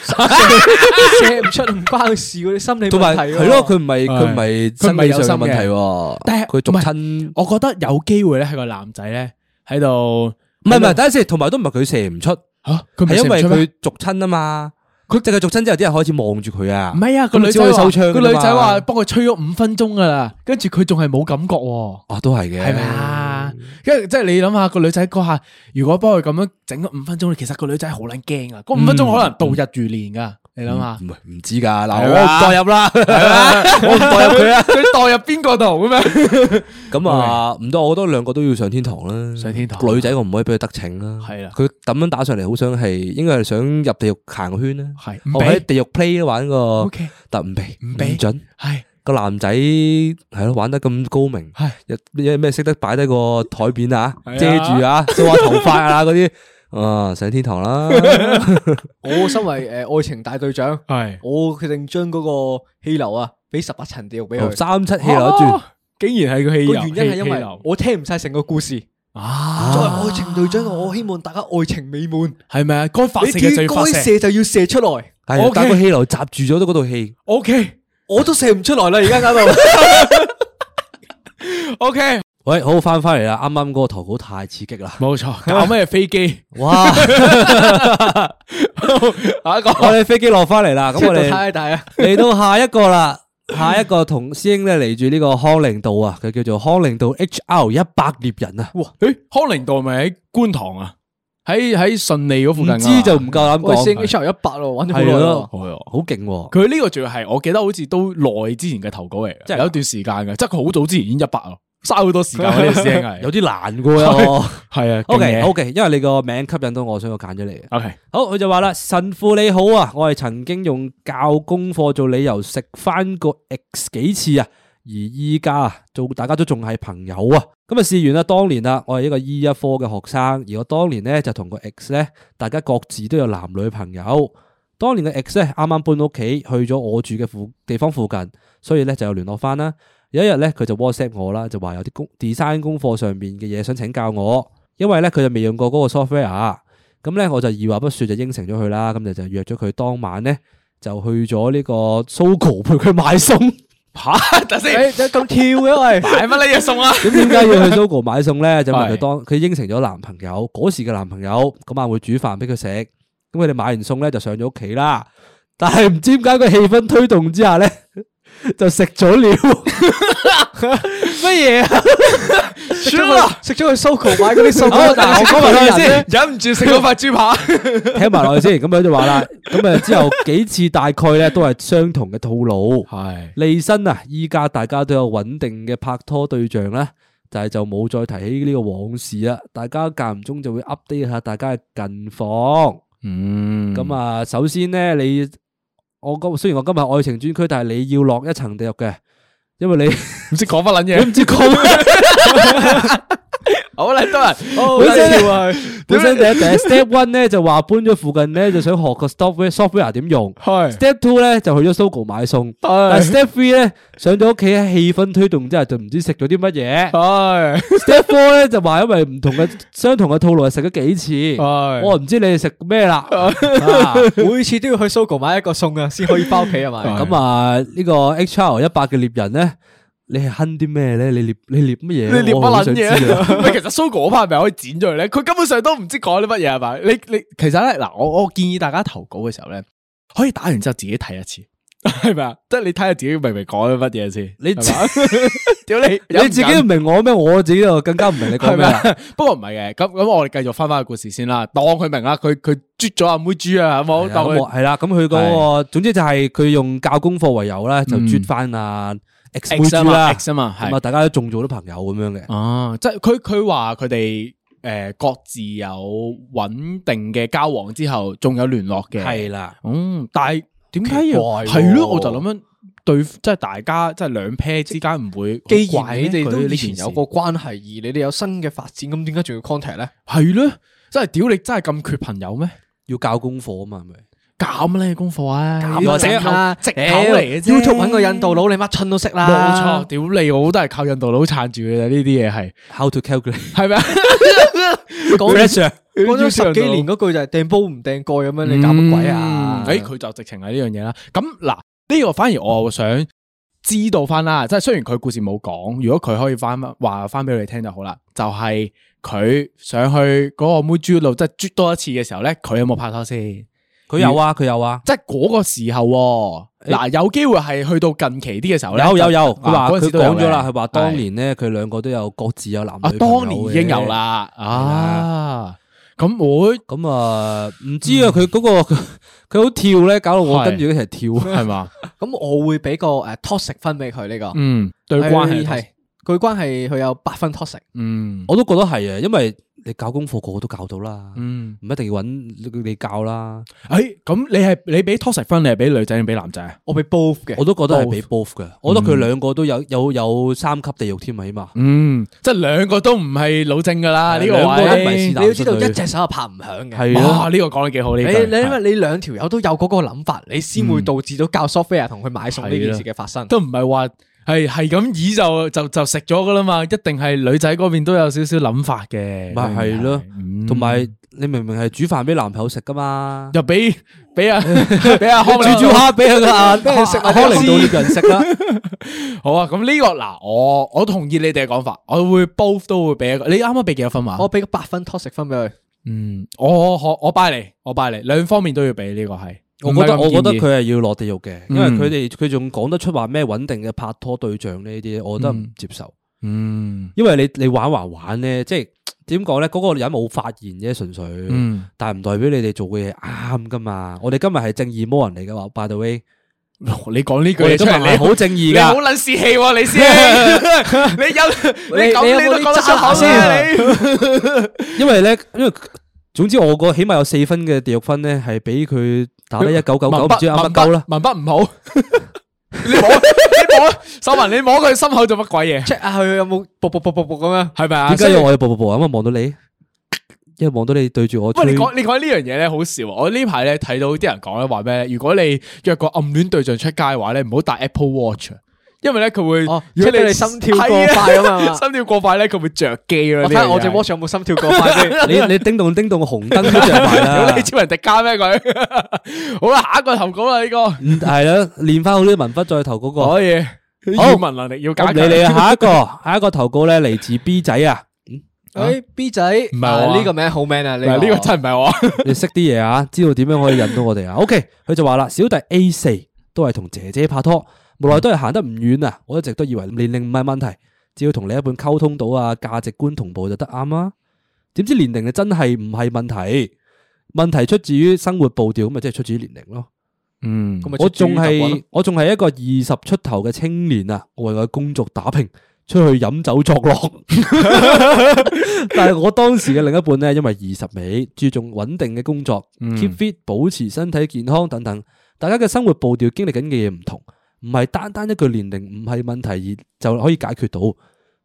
射唔 出唔關佢事嗰啲心理問題咯，係咯佢唔係佢唔係佢唔係有心問題喎，但係佢續親，我覺得有機會咧，係個男仔咧喺度，唔係唔係，等一下先，同埋都唔係佢射唔出，吓、啊，係因為佢續親啊嘛。佢借佢續親之後，啲人開始望住佢啊！唔係啊，個女仔手槍，個女仔話幫佢吹咗五分鐘噶啦，跟住佢仲係冇感覺喎。啊，都係嘅，係咪啊？因為即係你諗下個女仔嗰下，如果幫佢咁樣整咗五分鐘，其實個女仔好撚驚啊！嗰五分鐘可能度日如年噶。嗯嗯你諗下，唔係唔知噶，嗱我代入啦，我唔代入佢啊，佢代入邊個度啊？咁啊，唔多，我覺得兩個都要上天堂啦，上天堂。女仔我唔可以俾佢得逞啦，係啦。佢咁樣打上嚟，好想係，應該係想入地獄行個圈咧，係。我喺地獄 play 玩個，但唔俾？唔俾唔准。係個男仔係咯，玩得咁高明，有咩咩識得擺低個台面啊？遮住啊，梳下頭髮啊嗰啲。啊！上天堂啦！ 我身為誒愛情大隊長，係是我決定將嗰個氣流啊，俾十八層地獄俾佢三七氣流一轉，啊，竟然係個氣流。原因係因為我聽唔晒成個故事啊！啊作為愛情隊長，我希望大家愛情美滿，係咪啊？該發，發該射就要射，就要射出來。係的 Okay. 但個氣流閘住咗都嗰度氣。O Okay . K，我都射唔出來啦！而家喺到！O K。喂，好翻翻嚟啦！啱啱嗰個投稿太刺激啦，冇錯，搞咩飛機？哇！下一個我哋飛機落翻嚟啦，咁我哋嚟到下一個啦，下一個同師兄咧，嚟住呢個康寧道啊，佢叫做康寧道 H L 一百獵人啊，哇！誒，康寧道咪喺觀塘啊？喺喺順利嗰附近啊？唔知就唔夠膽講，喂，師兄，H L 一百咯，玩咗好耐啦，係哦，好勁！佢呢個仲要係我記得，好似都耐之前嘅投稿嚟嘅，即係有一段時間嘅，即係佢好早之前已經一百咯。嘥好多時間呢啲事情有啲難過啊。係 啊，OK OK，因為你個名吸引到我，所以我揀咗你。OK，好，佢就話啦，神父你好啊，我係曾經用教功課做理由食翻個 X 幾次啊，而依家啊，做大家都仲係朋友啊。咁啊，試完啦，當年啦，我係一個醫一科嘅學生，而我當年咧就同個 X 咧，大家各自都有男女朋友。當年嘅 X 咧，啱啱搬屋企去咗我住嘅附地方附近，所以咧就有聯絡翻啦。有一日咧，佢就 WhatsApp 我啦，就話有啲工 design 功課上面嘅嘢想請教我，因為咧佢就未用過嗰個 software，咁咧我就二話不說就應承咗佢啦，咁就就約咗佢當晚咧就去咗呢個 Sogo 陪佢買餸吓，等先，咁、欸、跳嘅喂，買乜呢嘢餸啊？咁點解要去 Sogo 買餸咧？ 就問佢當佢應承咗男朋友嗰時嘅男朋友，嗰晚會煮飯俾佢食，咁佢哋買完餸咧就上咗屋企啦，但係唔知點解個氣氛推動之下咧。就食咗了，乜嘢啊？食咗食咗去 Sogo 買嗰啲數先，忍唔住食咗塊豬扒，聽埋落去先。咁樣就話啦，咁啊之後幾次大概咧都係相同嘅套路。係利申啊，依家大家都有穩定嘅拍拖對象啦，就係就冇再提起呢個往事啦。大家間唔中就會 update 下大家嘅近況。嗯，咁啊，首先咧你。我今雖然我今日愛情專區，但係你要落一層地獄嘅，因為你唔識講乜撚嘢，唔知講。 好啦，多人，本身跳去，本身第一第一 step one 咧就話搬咗附近咧，就想學個 software，software 點用。係 step two 咧就去咗 Sogo 買餸。係，但係 step three 咧上咗屋企，氣氛推動之後就唔知食咗啲乜嘢。係 step four 咧就話因為唔同嘅相同嘅套路食咗幾次。係，我唔知你哋食咩啦。每次都要去 Sogo 買一個餸啊，先可以返屋企係嘛？咁啊呢個 HR 一百嘅獵人咧。你係哼啲咩咧？你獵你獵乜嘢？你獵乜撚嘢？唔西 其實蘇果嗰 part 咪可以剪咗佢咧？佢根本上都唔知講啲乜嘢係咪？你你其實咧嗱，我我建議大家投稿嘅時候咧，可以打完之後自己睇一次，係咪啊？即係你睇下自己明明講咗乜嘢先，你屌你，你自己唔吧明我咩？我自己又更加唔明你講咩 不過唔係嘅，咁咁我哋繼續翻翻個故事先啦。當佢明啦，佢佢啜咗阿妹豬啊，係冇當她、啊？咁係啦，咁佢嗰個，總之就係佢用教功課為由咧，就啜翻啊。嗯 X 啊 X 嘛，係大家都仲做啲朋友咁樣嘅。哦是，啊、即係佢佢話佢哋誒各自有穩定嘅交往之後聯，仲有聯絡嘅。係啦，嗯，但係點解要係咧、啊？我就諗緊對，嗯、即係大家即係兩 pair 之間唔會怪。既然你哋都以前有個關係，而你哋有新嘅發展，咁點解仲要 contact 咧？係咧，真係屌！你真係咁缺朋友咩？要教功課啊嘛，係咪？搞咩功課啊，搞者直口嚟嘅啫。YouTube 揾個印度佬，你乜春都識啦。冇錯，屌你，我都係靠印度佬撐住嘅。呢啲嘢係 How to calculate？係咪？講咗十幾年嗰句就係掟煲唔掟蓋咁樣，你搞乜鬼啊？誒，佢就直情係呢樣嘢啦。咁嗱，呢個反而我想知道翻啦。即係雖然佢故事冇講，如果佢可以翻話翻俾你聽就好啦。就係佢上去嗰個妹豬路即係啜多一次嘅時候咧，佢有冇拍拖先？佢有啊，佢有啊，即係嗰個時候，嗱，有機會係去到近期啲嘅時候咧。有有有，佢話佢講咗啦，佢話當年咧，佢兩個都有各自有男女朋友嘅。當年已經有啦，啊，咁會，咁啊，唔知啊，佢嗰個佢好跳咧，搞到我跟住一齊跳，係嘛？咁我會俾個誒 toxic 分俾佢呢個，嗯，對關係，對關係，佢有八分 toxic 嗯，我都覺得係啊，因為。你教功課個個都教到啦，嗯，唔一定要揾你教啦。哎，咁你係你俾 toss 實分，你係俾女仔定俾男仔啊？我俾 both 嘅，我都覺得係俾 both 嘅。我覺得佢兩個都有有有三級地獄添啊，起碼。嗯，即係兩個都唔係老正噶啦，呢個我覺得唔係是但，你知道一隻手拍唔響嘅。係咯，呢個講得幾好。呢？你因為你兩條友都有嗰個諗法，你先會導致到教 Sophia 同佢買餸呢件事嘅發生，都唔係話。係係咁以就就就食咗噶啦嘛，一定係女仔嗰邊都有少少諗法嘅，咪係咯，同埋、嗯、你明明係煮飯俾男朋友食噶嘛，又俾俾阿俾阿康，煮煮蝦俾食，阿康寧到呢個人食啦，好啊，咁呢、這個嗱，我我同意你哋嘅講法，我會 both 都會俾一個，你啱啱俾幾多分嘛、啊？我俾個八分拖食分俾佢，嗯，我我我拜你，我拜你，兩方面都要俾呢個係。我覺得我覺得佢係要落地獄嘅，因為佢哋佢仲講得出話咩穩定嘅拍拖對象呢啲，我覺得唔接受。嗯，因為你你玩還玩咧，即係點講咧？嗰個人冇發言啫，純粹，但係唔代表你哋做嘅嘢啱㗎嘛。我哋今日係正義魔人嚟嘅話，by the way，你講呢句，你真係你好正義噶，你好撚士氣，你先，你有你咁你講得出口你。因為咧，因為總之我個起碼有四分嘅地獄分咧，係俾佢。打啲一九九九唔知乜乜鳩啦，文筆唔好，你摸，你摸，秀文，你摸佢心口做乜鬼嘢？check 下佢有冇搏搏搏搏搏咁啊？係咪啊？點解要我要搏搏搏啊？咁啊，望到你，因為望到你對住我。喂，你講你講呢樣嘢咧，好笑。我呢排咧睇到啲人講咧，話咩咧？如果你約個暗戀對象出街嘅話咧，唔好戴 Apple Watch。因為咧佢會，即係你哋心跳過快啊嘛，心跳過快咧佢會着機啊。你睇下我隻 watch 有冇心跳過快先。你你叮動叮動紅燈都着快啦。屌你超人迪加咩佢？好啦，下一個投稿啦呢個。係啦，練翻好啲文筆再投嗰個可以。好文能力要加強。嚟嚟啊，下一個，下一個投稿咧嚟自 B 仔啊。誒，B 仔唔係我呢個名好 man 啊。你呢個真係唔係我。你識啲嘢啊？知道點樣可以引到我哋啊？OK，佢就話啦，小弟 A 四都係同姐姐拍拖。冇耐都係行得唔遠啊！我一直都以為年齡唔係問題，只要同另一半溝通到啊，價值觀同步就得啱啦。點知年齡啊真係唔係問題，問題出自於生活步調，咁咪即係出自於年齡咯。嗯，我仲係、嗯、我仲係、嗯、一個二十出頭嘅青年啊！我為咗工作打拼，出去飲酒作樂。但係我當時嘅另一半咧，因為二十尾，注重穩定嘅工作，keep fit，保持身體健康等等。大家嘅生活步調、經歷緊嘅嘢唔同。唔係單單一個年齡唔係問題而就可以解決到，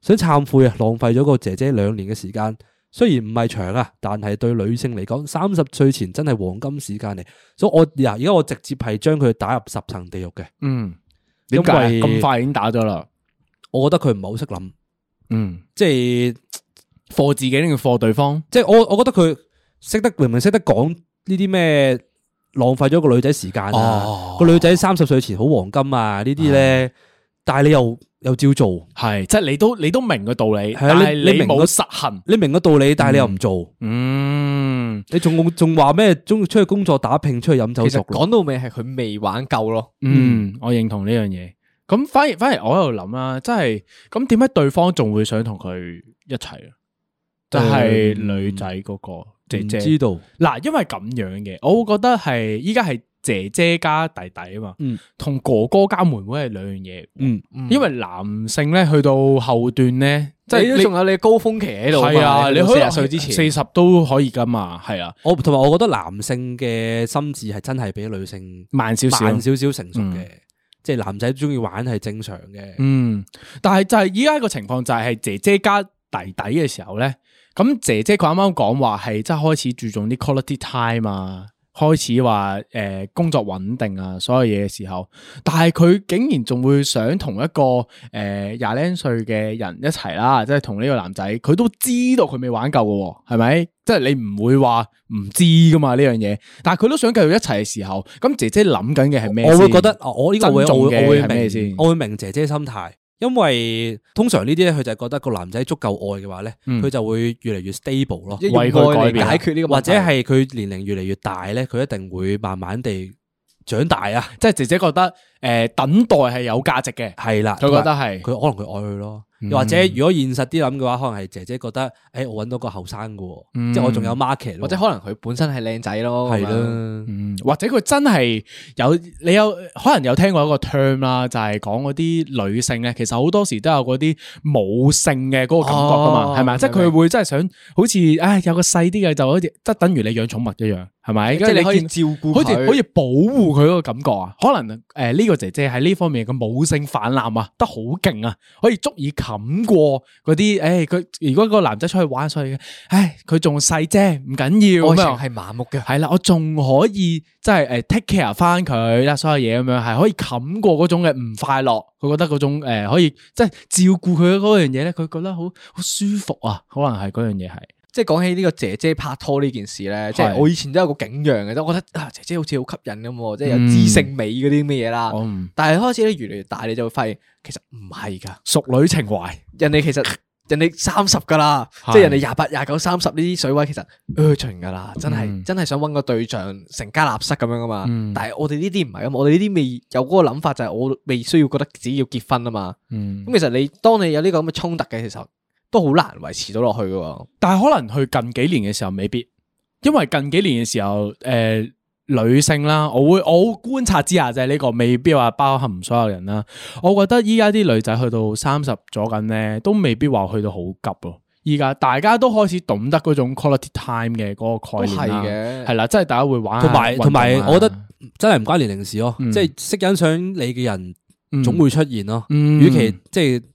想懺悔啊，浪費咗個姐姐兩年嘅時間，雖然唔係長啊，但係對女性嚟講，三十歲前真係黃金時間嚟，所以我呀，而家我直接係將佢打入十層地獄嘅。嗯，點解咁快已經打咗啦？我覺得佢唔係好識諗，嗯，即係 for 自己定 for 對方，即係我我覺得佢識得明明識得講呢啲咩？浪費咗個女仔時間啊！個女仔三十歲前好黃金啊！呢啲咧，但係你又又照做，係即係你都你都明個道理，但係你明個實行，你明個道理，但係你又唔做，嗯，你仲仲話咩？中意出去工作打拼，出去飲酒，其實講到尾係佢未玩夠咯。嗯，我認同呢樣嘢。咁反而反而我喺度諗啦，即係咁點解對方仲會想同佢一齊啊？就係女仔嗰個。姐姐，知道嗱，因為咁樣嘅，我會覺得係依家係姐姐加弟弟啊嘛，嗯，同哥哥加妹妹係兩樣嘢，嗯，因為男性咧去到後段咧，嗯、即係你仲有你高峰期喺度，係啊，你可以四十歲之前，四十都可以噶嘛，係啊，我同埋我覺得男性嘅心智係真係比女性慢少少，少少成熟嘅，嗯、即係男仔中意玩係正常嘅，嗯，但係就係依家個情況就係係姐，姐姐加弟弟嘅時候咧。咁姐姐佢啱啱講話係即係開始注重啲 quality time 啊，開始話誒、呃、工作穩定啊，所有嘢嘅時候，但係佢竟然仲會想同一個誒廿零歲嘅人一齊啦，即係同呢個男仔，佢都知道佢未玩夠嘅喎，係咪？即係你唔會話唔知噶嘛呢樣嘢，但係佢都想繼續一齊嘅時候，咁姐姐諗緊嘅係咩？我會覺得我呢個我會做嘅係咩先？我會明，我會明姐姐心態。因為通常呢啲咧，佢就係覺得個男仔足夠愛嘅話咧，佢、嗯、就會越嚟越 stable 咯，為佢解決呢個，或者係佢年齡越嚟越大咧，佢一定會慢慢地長大啊！即係姐姐覺得誒、呃，等待係有價值嘅，係啦的，佢覺得係，佢是可能佢愛佢咯。又或者如果現實啲諗嘅話，可能係姐姐覺得，誒、欸，我揾到個後生嘅喎，嗯、即係我仲有 market，或者可能佢本身係靚仔咯，係咯吧、嗯，或者佢真係有你有可能有聽過一個 term 啦，就係講嗰啲女性咧，其實好多時都有嗰啲母性嘅嗰個感覺㗎嘛，係咪、啊？吧即係佢會真係想好似，唉，有個細啲嘅就好似，即等於你養寵物一樣，係咪？即係你，你可以照顧好，好似可以保護佢嗰個感覺啊？嗯、可能誒呢、呃這個姐姐喺呢方面嘅母性泛濫啊，得好勁啊，可以足以求。冚過嗰啲，誒、欸，佢如果個男仔出去玩所以嘅，誒，佢仲細啫，唔緊要啊。愛情係麻木嘅，係啦，我仲可以即係誒 take care 返佢啦，所有嘢咁樣係可以冚過嗰種嘅唔快樂，佢覺得嗰種誒、呃、可以即係照顧佢嗰樣嘢咧，佢覺得好好舒服啊，可能係嗰樣嘢係。即係講起呢個姐姐拍拖呢件事咧，是即係我以前都有個景仰嘅，我覺得啊姐姐好似好吸引咁，即係有知性美嗰啲咩嘢啦。嗯、但係開始咧越嚟越大，你就會發現其實唔係噶，熟女情懷。人哋是其實人哋三十噶啦，即係人哋廿八、廿九、三十呢啲水位其實 urgent 噶啦，真係、嗯、真係想揾個對象成家立室咁樣啊嘛。嗯、但係我哋呢啲唔係啊，我哋呢啲未有嗰個諗法，就係、是、我未需要覺得自己要結婚啊嘛。咁、嗯、其實你當你有呢個咁嘅衝突嘅，其實。都好難維持到落去嘅，但係可能去近幾年嘅時候未必，因為近幾年嘅時候，誒、呃、女性啦，我會我觀察之下就係呢個未必話包含所有人啦。我覺得依家啲女仔去到三十咗緊咧，都未必話去到好急咯。依家大家都開始懂得嗰種 quality time 嘅嗰個概念啦，係啦的，即係大家會玩有，同埋同埋，我覺得真係唔關年齡事咯，嗯、即係識欣賞你嘅人總會出現咯。與、嗯嗯、其即係。就是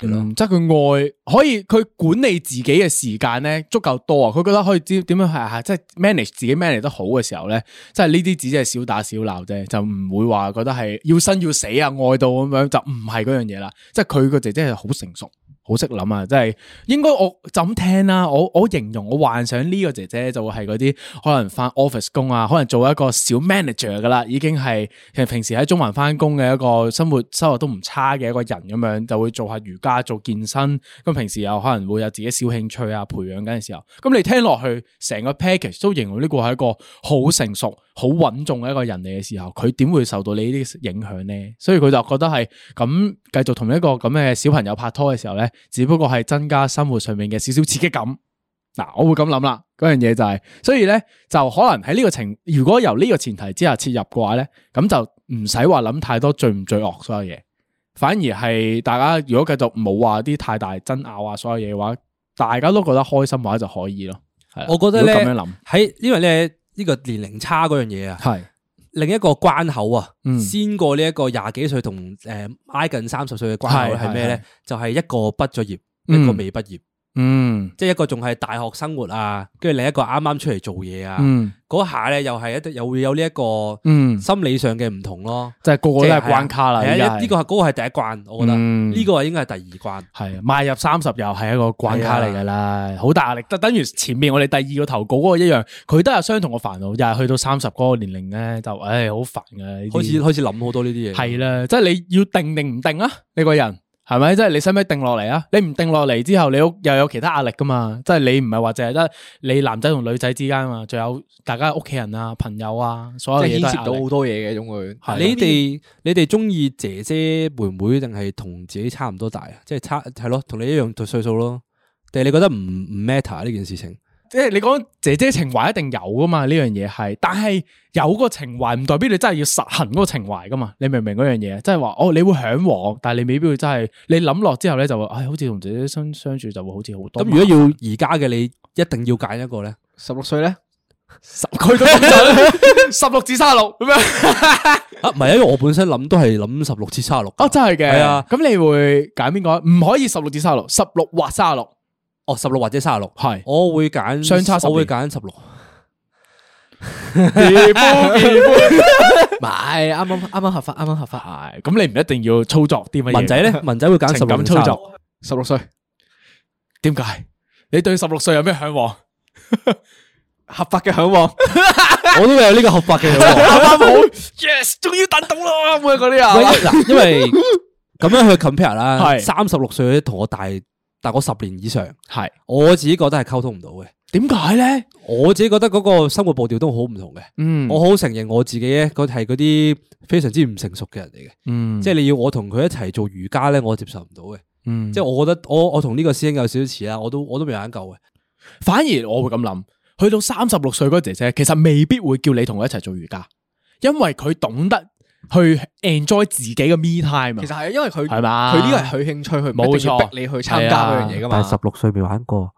嗯嗯、即係佢愛可以佢管理自己嘅時間咧足夠多啊，佢覺得可以知點樣係係即係 manage 自己 manage 得好嘅時候咧，即係呢啲只係小打小鬧啫，就唔會話覺得係要生要死啊，愛到咁樣就唔係嗰樣嘢啦。即係佢個姐姐係好成熟。好識諗啊！即係應該我就咁聽啦。我我形容我幻想呢個姐姐就會係嗰啲可能翻 office 工啊，可能做一個小 manager 噶啦，已經係其實平時喺中環翻工嘅一個生活收入都唔差嘅一個人咁樣，就會做下瑜伽做健身。咁平時又可能會有自己小興趣啊，培養緊嘅時候。咁你聽落去成個 package 都形容呢個係一個好成熟、好穩重嘅一個人嚟嘅時候，佢點會受到你呢啲影響呢？所以佢就覺得係咁繼續同一個咁嘅小朋友拍拖嘅時候咧。只不過係增加生活上面嘅少少刺激感，嗱、啊，我會咁諗啦，嗰樣嘢就係、是，所以咧就可能喺呢個情，如果由呢個前提之下切入嘅話咧，咁就唔使話諗太多罪唔罪惡所有嘢，反而係大家如果繼續冇話啲太大爭拗啊，所有嘢嘅話，大家都覺得開心嘅話就可以咯。係，我覺得咧，喺因為咧呢個年齡差嗰樣嘢啊，係。另一個關口啊，嗯、先過、呃、呢是是是一個廿幾歲同誒挨近三十歲嘅關口係咩咧？就係一個畢咗業，嗯、一個未畢業。嗯，即係一個仲係大學生活啊，跟住另一個啱啱出嚟做嘢啊，嗰、嗯、下咧又係一，又會有呢一個心理上嘅唔同咯，即係、嗯就是、個個都係關卡啦。呢是個係個係第一關，我覺得呢、嗯、個係應該係第二關。係邁入三十又係一個關卡嚟噶啦，好、啊、大壓力。就等於前面我哋第二個投稿嗰個一樣，佢都有相同嘅煩惱，又係去到三十嗰個年齡咧，就唉好煩嘅，開始開始諗好多呢啲嘢。係啦，即係你要定定唔定啊？你個人。係咪？即係你使唔使定落嚟啊？你唔定落嚟之後，你屋又有其他壓力噶嘛？即係你唔係話淨係得你男仔同女仔之間嘛？仲有大家屋企人啊、朋友啊，所有嘢都牽涉到好多嘢嘅，總會。係。你哋你哋中意姐姐妹妹定係同自己差唔多大啊？即係差係咯，同你一樣歲數咯。定係你覺得唔唔 matter 呢件事情？即係你講姐姐情懷一定有噶嘛？呢樣嘢係，但係有個情懷唔代表你真係要實行嗰個情懷噶嘛？你明唔明嗰樣嘢？即係話哦，你會向往，但係你未必會真係。你諗落之後咧，就、哎、誒，好似同姐姐相相處就會好似好多。咁如果要而家嘅你，一定要揀一個咧，歲呢十六歲咧，佢都 十六至卅六咁樣 啊？唔係啊，因為我本身諗都係諗十六至卅六。哦、啊，真係嘅。係啊，咁你會揀邊個？唔可以十六至卅六，十六或卅六。哦，十六或者三十六，係，我會揀相差十，我會揀十六。唔係，啱啱啱啱合法，啱啱合法。係，咁你唔一定要操作啲乜嘢文仔咧，文仔會揀十六，情感操作，十六歲。點解？你對十六歲有咩向往？合法嘅向往，我都有呢個合法嘅。合法冇？yes 終於等到啦，唔該嗰啲啊。嗱，因為咁樣去 compare 啦，係三十六歲同我大。但我十年以上，係是我自己覺得係溝通唔到嘅。點解咧？我自己覺得嗰個生活步調都好唔同嘅。嗯，我好承認我自己咧，係嗰啲非常之唔成熟嘅人嚟嘅。嗯，即係你要我同佢一齊做瑜伽咧，我接受唔到嘅。嗯，即係我覺得我我同呢個師兄有少少似啦，我都我都未玩夠嘅。反而我會咁諗，去到三十六歲嗰姐姐，其實未必會叫你同佢一齊做瑜伽，因為佢懂得。去 enjoy 自己嘅 me time 啊！其實係，因為佢佢呢個係佢興趣，佢唔係逼你去參加嗰樣嘢噶嘛。但係十六歲未玩過，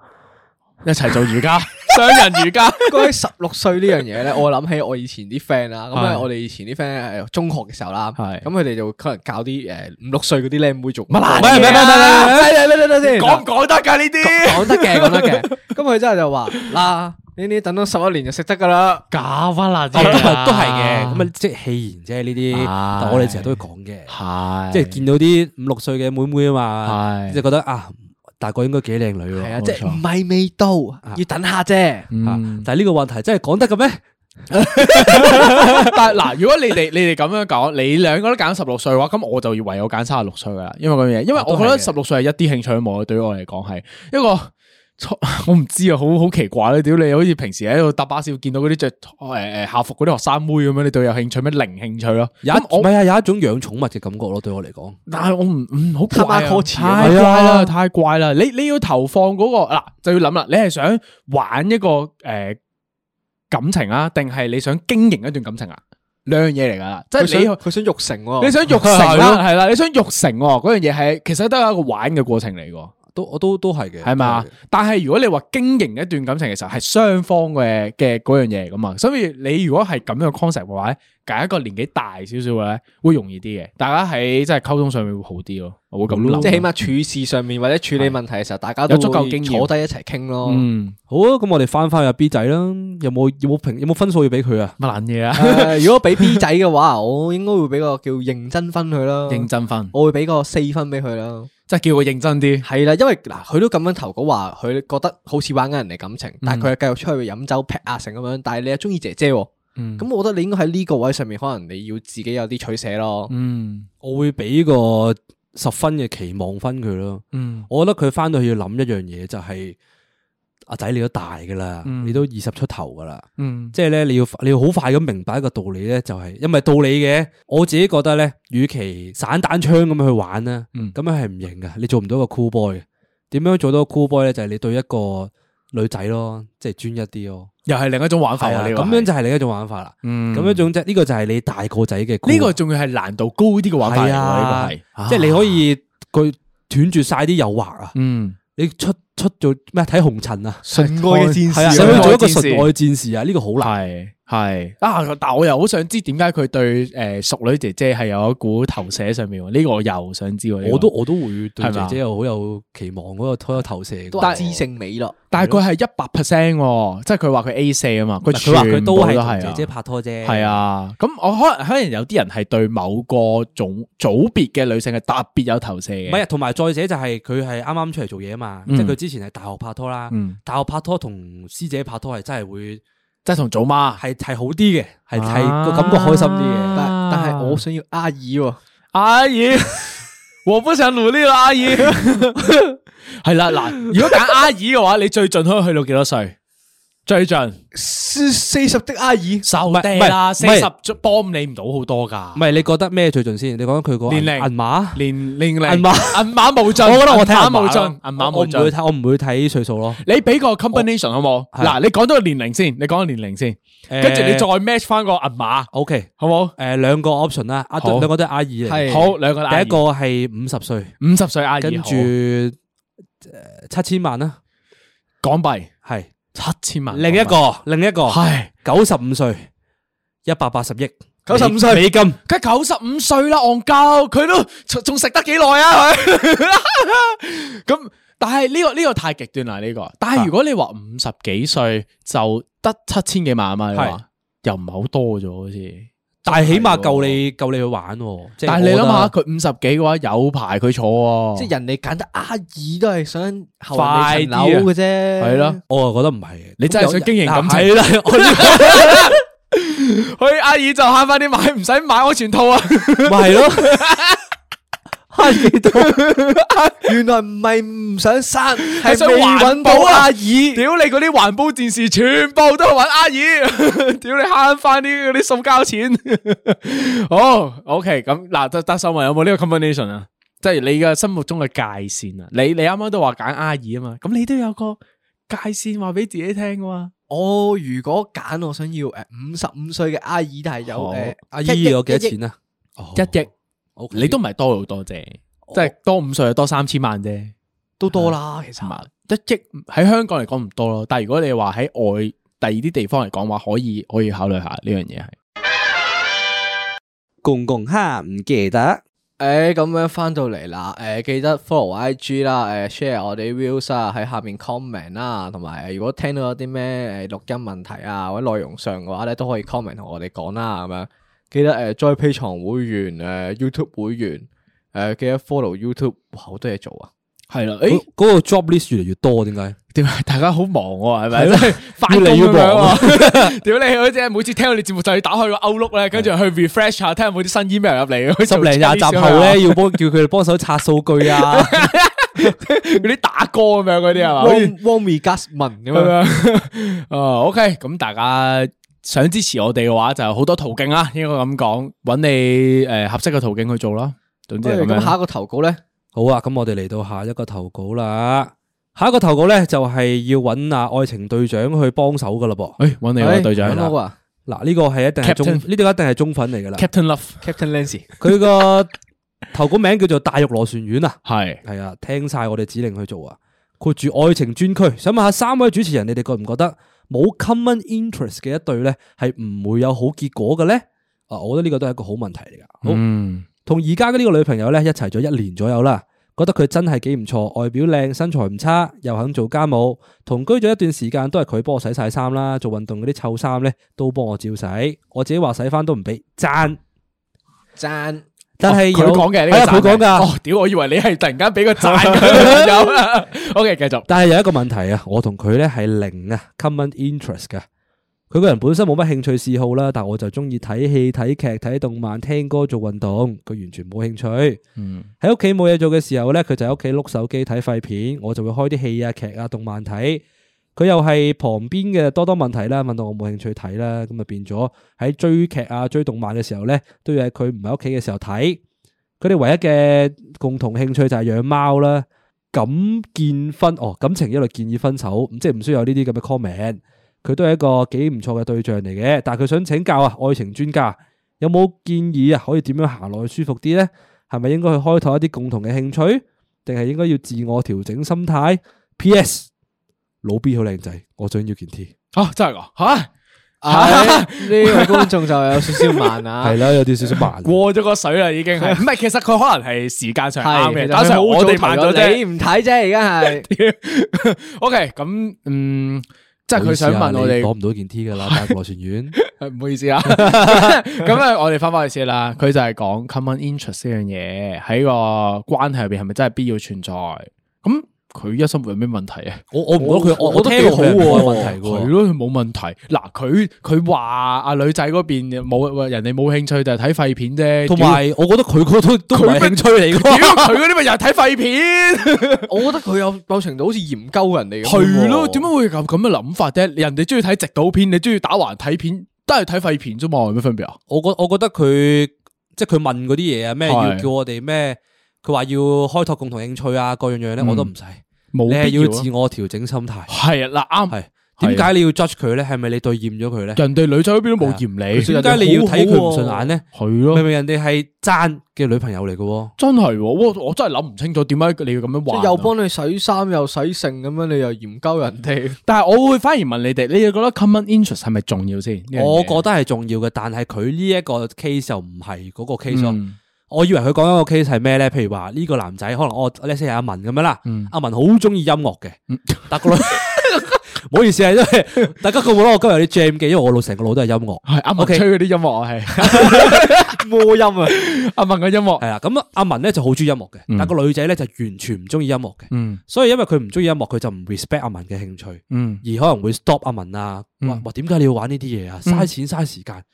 一齊做瑜伽，雙人瑜伽。關於十六歲呢樣嘢咧，我諗起我以前啲 friend 啦，咁啊，我哋以前啲 friend 係中學嘅時候啦，咁佢哋就可能教啲誒五六歲嗰啲靚妹做乜嘢？唔得唔得唔得唔得唔得唔得先，咁講唔講得噶呢啲，講得嘅講得嘅。咁佢之後就話啦。呢啲等到十一年就食得噶啦，假屈啊！都係嘅，咁啊即係戲言啫，呢啲。但係我哋成日都會講嘅，係即係見到啲五六歲嘅妹妹啊嘛，就覺得啊，大個應該幾靚女啊，即係唔係未到，要等下啫。但係呢個問題真係講得嘅咩？但嗱，如果你哋你哋咁樣講，你兩個都揀十六歲嘅話，咁我就唯有揀三十六歲噶啦，因為咁樣嘢，因為我覺得十六歲係一啲興趣都冇，對於我嚟講係一個。我唔知啊，好好奇怪咧！屌，你好似平時喺度搭巴士見到嗰啲着誒誒校服嗰啲學生妹咁樣，你對佢有興趣咩？零興趣咯，有一種有一種養寵物嘅感覺咯，對我嚟講。但係我唔唔好奇怪啊，太怪啦，太怪啦！你你要投放嗰個嗱，就要諗啦，你係想玩一個誒感情啊，定係你想經營一段感情啊？兩樣嘢嚟噶，即係你佢想育成，你想育成啦，係啦，你想育成嗰樣嘢係，其實都係一個玩嘅過程嚟噶。都我都都係嘅，係嘛嗎？但係如果你話經營一段感情嘅時候，係雙方嘅嘅嗰樣嘢嚟嘛？所以你如果係咁樣 concept 嘅話，揀一個年紀大少少嘅咧，會容易啲嘅。大家喺即係溝通上面會好啲咯。我會咁諗，即係起碼處事上面或者處理問題嘅時候，的大家都有足夠坐低一齊傾咯。嗯，好啊，咁我哋翻翻入 B 仔啦，有冇有冇評有冇分數要俾佢啊？乜爛嘢啊！如果我俾 B 仔嘅話，我應該會俾個叫認真分佢啦。認真分，我會俾個四分俾佢啦。即係叫佢認真啲，係啦，因為嗱，佢都咁樣投稿話，佢覺得好似玩緊人哋感情，嗯、但係佢又繼續出去飲酒劈啊成咁樣，但係你又中意姐姐，咁、嗯、我覺得你應該喺呢個位上面，可能你要自己有啲取捨咯。嗯，我會俾個十分嘅期望分佢咯。嗯，我覺得佢返到去要諗一樣嘢就係、是。阿仔，你都大噶啦，嗯、你都二十出頭噶啦，嗯、即係咧，你要你要好快咁明白一個道理咧，就係、是，因為道理嘅，我自己覺得咧，與其散彈槍咁樣去玩咧，咁、嗯、樣係唔型噶，你做唔到個 cool boy 嘅。點樣做到個 cool boy 咧？就係、是、你對一個女仔咯，即係專一啲咯。又係另一種玩法啊！咁樣就係另一種玩法啦。咁一種即呢個就係你大個仔嘅。呢個仲要係難度高啲嘅玩法啊！呢個係，啊、即係你可以佢斷絕晒啲誘惑啊。嗯你出出做咩？睇紅塵啊，純愛戰士，想做一個純愛戰士啊？呢個好難。係啊，但係我又好想知點解佢對誒、呃、熟女姐姐係有一股投射上面。呢、這個我又想知，這個、我都我都會對姐姐又好有期望嗰個拖投射。但知性美咯，吧但係佢係一百 percent，即係佢話佢 A 四啊嘛，佢佢話佢都係同姐姐拍拖啫。係啊，咁我可能可能有啲人係對某個組組別嘅女性係特別有投射。唔係啊，同埋再者就係佢係啱啱出嚟做嘢啊嘛，嗯、即係佢之前係大學拍拖啦，嗯、大學拍拖同師姐拍拖係真係會。即係同祖媽係係好啲嘅，係係個感覺開心啲嘅。但但係我想要阿姨喎，阿姨， 我不想努力啦。阿姨係啦， 嗱，如果揀阿姨嘅話， 你最盡可以去到幾多歲？最盡四十的阿姨受唔四十就幫你唔到好多噶，唔係你覺得咩最盡先？你講佢個年齡銀碼年年齡銀碼銀碼無盡，我覺得我睇銀碼無盡，銀碼無盡。我唔會睇我唔會睇歲數咯。你俾個 combination 好冇？嗱，你講咗個年齡先，你講個年齡先，跟住你再 match 翻個銀碼。OK，好唔好？誒，兩個 option 啦，阿兩個都係阿姨係好兩個。第一個係五十歲，五十歲阿姨跟住誒七千萬啦港幣係。七千萬另，另一個另一個係九十五歲，一百八十億，九十五歲美金，佢九十五歲啦，戇鳩，佢都仲食得幾耐啊？佢，咁 但係、呢個、呢個呢、呢個太極端啦，呢個。但係如果你話五十幾歲就得七千幾萬啊嘛是，又唔係好多咗好似。但係起碼夠你夠你去玩，但係你諗下佢五十幾嘅話有排佢坐喎。即係人哋揀得阿二都係想快走嘅啫，係咯，我啊覺得唔係嘅，你真係想經營咁滯啦，去阿二就慳翻啲買，唔使買我全套啊，咪係咯。 原來唔係唔想生，係想環保阿姨。屌 你嗰啲環保電視，全部都係搵阿姨。屌 你慳翻啲嗰啲塑膠錢。好、 oh，OK，咁嗱，但但秀文有冇呢個 combination 啊？即係你嘅心目中嘅界線啊？你你啱啱都話揀阿姨啊嘛？咁你都有個界線話俾自己聽噶嘛？我如果揀，我想要誒五十五歲嘅阿姨，但係有誒好阿姨要我幾多錢啊？一億。哦 Okay. 你都唔係多好多啫，oh. 即係多五歲就多三千萬啫，都多啦。是其實一億喺香港嚟講唔多咯，但係如果你話喺外第二啲地方嚟講話，可以可以考慮下呢、嗯哎、樣嘢係。公、呃、共，哈，唔記得誒、呃，咁樣翻到嚟啦，誒記得 follow IG 啦，誒 share 我哋 video 啊，喺下邊 comment 啦，同埋如果聽到一啲咩誒錄音問題啊或者內容上嘅話咧，都可以 comment 同我哋講啦，咁樣。記得誒，Patreon 會員，誒，YouTube 會員，誒，記得 follow YouTube，好多嘢做啊。係啦，誒，嗰個 job list 越嚟越多，點解？點解？大家好忙，係咪？真係越嚟越忙。屌你，好似每次聽你節目就要打開個 outlook 咧，跟住去 refresh 下，睇有下冇啲新 email 入嚟。十零廿集後咧，要幫叫佢哋幫手刷數據啊。嗰啲打歌咁樣嗰啲係嘛？Warmie Gus 文咁樣。啊，OK，咁大家。想支持我哋嘅話，就好多途徑啦，應該咁講，揾你誒、呃、合適嘅途徑去做咯。總之，咁、哎、下一個投稿咧，好啊，咁我哋嚟到下一個投稿啦。下一個投稿咧，就係、是、要揾阿愛情隊長去幫手噶啦噃。誒、欸，揾你啦，隊長啦。嗱吧，呢、啊這個係一定中，呢啲 Captain, 一定係中粉嚟噶啦。Captain Love，Captain Lancy，佢個 投稿名叫做《大玉螺旋丸》啊。係，係啊，聽晒我哋指令去做啊。括住愛情專區，想問下三位主持人，你哋覺唔覺得？冇 common interest 嘅一對咧，係唔會有好結果嘅咧？啊，我覺得呢個都係一個好問題嚟噶。好，同而家嘅呢個女朋友咧，一齊咗一年左右啦，覺得佢真係幾唔錯，外表靚，身材唔差，又肯做家務，同居咗一段時間都係佢幫我洗晒衫啦，做運動嗰啲臭衫咧都幫我照洗，我自己話洗翻都唔俾，讚讚。但係有，係啊，佢講噶。哦、哎，屌，我以為你係突然間俾個讚佢。有，OK，繼續。但係有一個問題啊，我同佢咧係零啊，common interest 噶。佢個人本身冇乜興趣嗜好啦，但係我就中意睇戲睇劇睇動漫聽歌做運動，佢完全冇興趣。嗯，喺屋企冇嘢做嘅時候咧，佢就喺屋企碌手機睇廢片，我就會開啲戲啊劇啊動漫睇。佢又係旁邊嘅多多問題啦，問到我冇興趣睇啦，咁咪變咗喺追劇啊、追動漫嘅時候咧，都要喺佢唔喺屋企嘅時候睇。佢哋唯一嘅共同興趣就係養貓啦。咁建分哦，感情一路建議分手，咁即係唔需要有呢啲咁嘅 comment。佢都係一個幾唔錯嘅對象嚟嘅，但係佢想請教啊，愛情專家有冇建議啊，可以點樣行落去舒服啲咧？係咪應該去開拓一啲共同嘅興趣，定係應該要自我調整心態？P.S. 老 B 好靚仔，我想要件 T 啊，真係㗎吓，呢個觀眾就有少少慢啊，係啦，有啲少少慢，過咗個水啦已經，唔係，其實佢可能係時間上啱嘅，我哋慢咗，你唔睇啫，而家係，OK，咁嗯，即係佢想問我哋攞唔到件 T 噶啦，大船員，唔好意思啊，咁啊，我哋翻返去先啦，佢就係講 common interest 呢樣嘢喺個關係入邊係咪真係必要存在，咁。佢一生有咩問題啊？我我唔覺得佢，我我都幾好喎。係咯，冇問題。嗱，佢佢話阿女仔嗰邊冇，人哋冇興趣，就係睇廢片啫。同埋有，為我覺得佢嗰都都冇興趣嚟嘅，佢嗰啲咪又係睇廢片。 我覺得佢有某程度好似研究人嚟嘅。係咯，點解會咁咁嘅諗法啫？人哋中意睇直導片，你中意打橫睇片，都係睇廢片啫嘛，有咩分別啊？我覺我覺得佢即係佢問嗰啲嘢啊，咩要叫我哋咩？佢話要開拓共同興趣啊，各樣樣咧我都唔使，你係要自我調整心態。係啊嗱啱係。點解你要 judge 佢咧？係咪你對厭咗佢咧？人哋女仔一邊都冇嫌你，點解你要睇佢唔順眼咧？係咯，係咪人哋係讚嘅女朋友嚟嘅？真係，我我真係諗唔清楚點解你要咁樣話？又幫你洗衫又洗剩咁樣，你又研究人哋？但係我會反而問你哋，你哋覺得 common interest 係咪重要先？我覺得係重要嘅，但係佢呢一個 case 又唔係嗰個 case 咯。我以為佢講緊個 case 係咩咧？譬如話呢個男仔可能我，我呢先係阿文咁樣啦。阿文好中意音樂嘅，但個女唔好意思啊，大家顧唔到我今日有啲 jam 嘅，因為我老成個腦都係音樂。係阿文吹嗰啲音樂啊，係魔音啊，阿文嘅音樂係啦。咁阿文咧就好中意音樂嘅，但個女仔咧就完全唔中意音樂嘅。所以因為佢唔中意音樂，佢就唔 respect 阿文嘅興趣，而可能會 stop 阿文啊。哇，點解你要玩呢啲嘢啊？嘥錢嘥時間。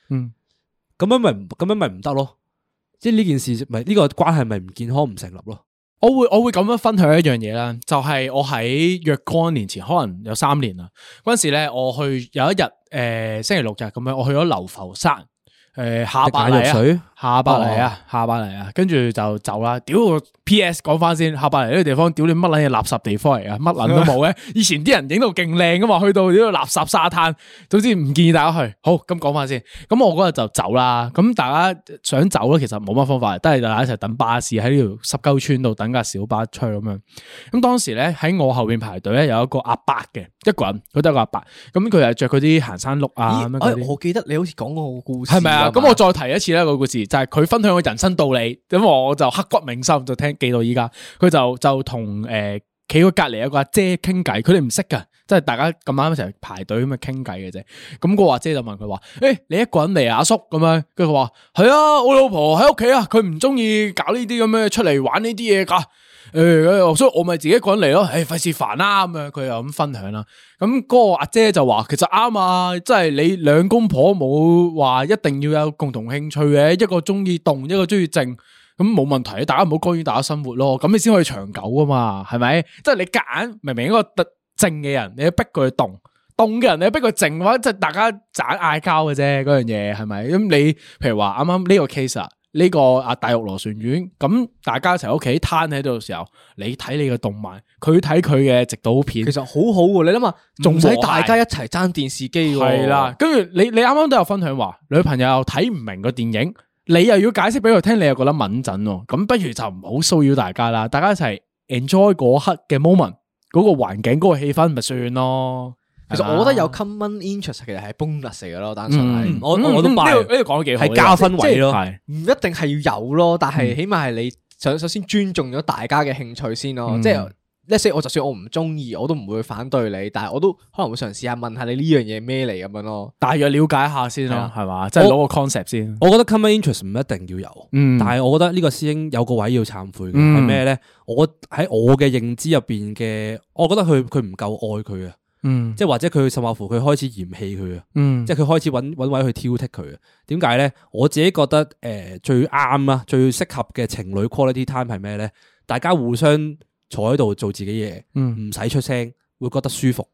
咁樣咪咁樣咪唔得咯。即係呢件事，咪呢、呢個關係咪唔健康唔成立咯？我會我會咁樣分享一樣嘢啦，就係、是、我喺若干年前，可能有三年啦，嗰陣時咧，我去有一日，誒、呃、星期六日咁樣，我去咗流浮山，誒、呃、下白泥、啊、水。下白泥啊，下白泥啊，跟住就走啦。屌，P.S. 講翻先，下白泥呢個地方，屌你乜捻嘢？垃圾地方嚟噶，乜捻都冇嘅。吧以前啲人影到勁靚噶嘛，去到呢度垃圾沙灘，總之唔建議大家去。好，咁講翻先。咁我嗰日就走啦。咁大家想走咧，其實冇乜方法，都係大家一齊等巴士喺呢條十溝村度等架小巴出咁樣。咁當時咧喺我後邊排隊咧，有一個阿伯嘅，一個人，佢得個阿伯。咁佢係着佢啲行山碌啊、欸些欸。我記得你好似講過個故事，係咪啊？咁我再提一次啦，個故事。就係佢分享個人生道理，咁我就刻骨銘心，就聽記到依家。佢就就同誒企佢隔籬有個阿姐傾偈，佢哋唔識噶，即係大家咁啱一齊排隊咁啊傾偈嘅啫。咁個阿姐就問佢話：誒，你一個人嚟啊，阿叔咁樣？跟住佢話：係啊，我老婆喺屋企啊，佢唔中意搞呢啲咁嘅出嚟玩呢啲嘢噶。誒、欸，所以我咪自己一個人嚟咯，誒、欸，費事煩啦咁樣，佢又咁分享啦。咁、那、嗰個阿姐就話，其實啱啊，即係你兩公婆冇話一定要有共同興趣嘅，一個中意動，一個中意靜，咁冇問題，大家唔好干擾大家生活咯，咁你先可以長久啊嘛，係咪？即係你夾硬明明一個得靜嘅人，你要逼佢動；動嘅人，你逼佢靜嘅話，即係大家盞嗌交嘅啫，嗰樣嘢係咪？咁你譬如話啱啱呢個 case 啊。呢個阿大玉螺旋丸，咁大家一齊屋企攤喺度時候，你睇你嘅動漫，佢睇佢嘅直導片，其實好好、啊、噶。你諗下，仲使大家一齊爭電視機、啊？係啦，跟住你你啱啱都有分享話，女朋友睇唔明個電影，你又要解釋俾佢聽，你又覺得穩陣、啊，咁不如就唔好騷擾大家啦。大家一齊 enjoy 嗰刻嘅 moment，嗰個環境，嗰、嗰個氣氛咪算咯。其實我覺得有 common interest 其實係 bonus 嚟嘅咯，單純係我呢個呢個講得幾加分位咯，唔一定係要有咯，但係起碼係你首首先尊重咗大家嘅興趣先咯，即係 Let's say 我就算我唔中意，我都唔會反對你，但係我都可能會嘗試下問下你呢樣嘢咩嚟咁樣咯，大約了解下先咯，係嘛？即係攞個 concept 先。我覺得 common interest 唔一定要有，但係我覺得呢個師兄有個位要懺悔嘅係咩咧？我喺我嘅認知入邊嘅，我覺得佢佢唔夠愛佢啊。嗯，即係或者佢甚至乎佢開始嫌棄佢啊，嗯，即係佢開始揾揾位去挑剔佢啊。點解咧？我自己覺得誒最啱啦，最適合嘅情侶 quality time 係咩咧？大家互相坐喺度做自己嘢，嗯，唔使出聲，會覺得舒服，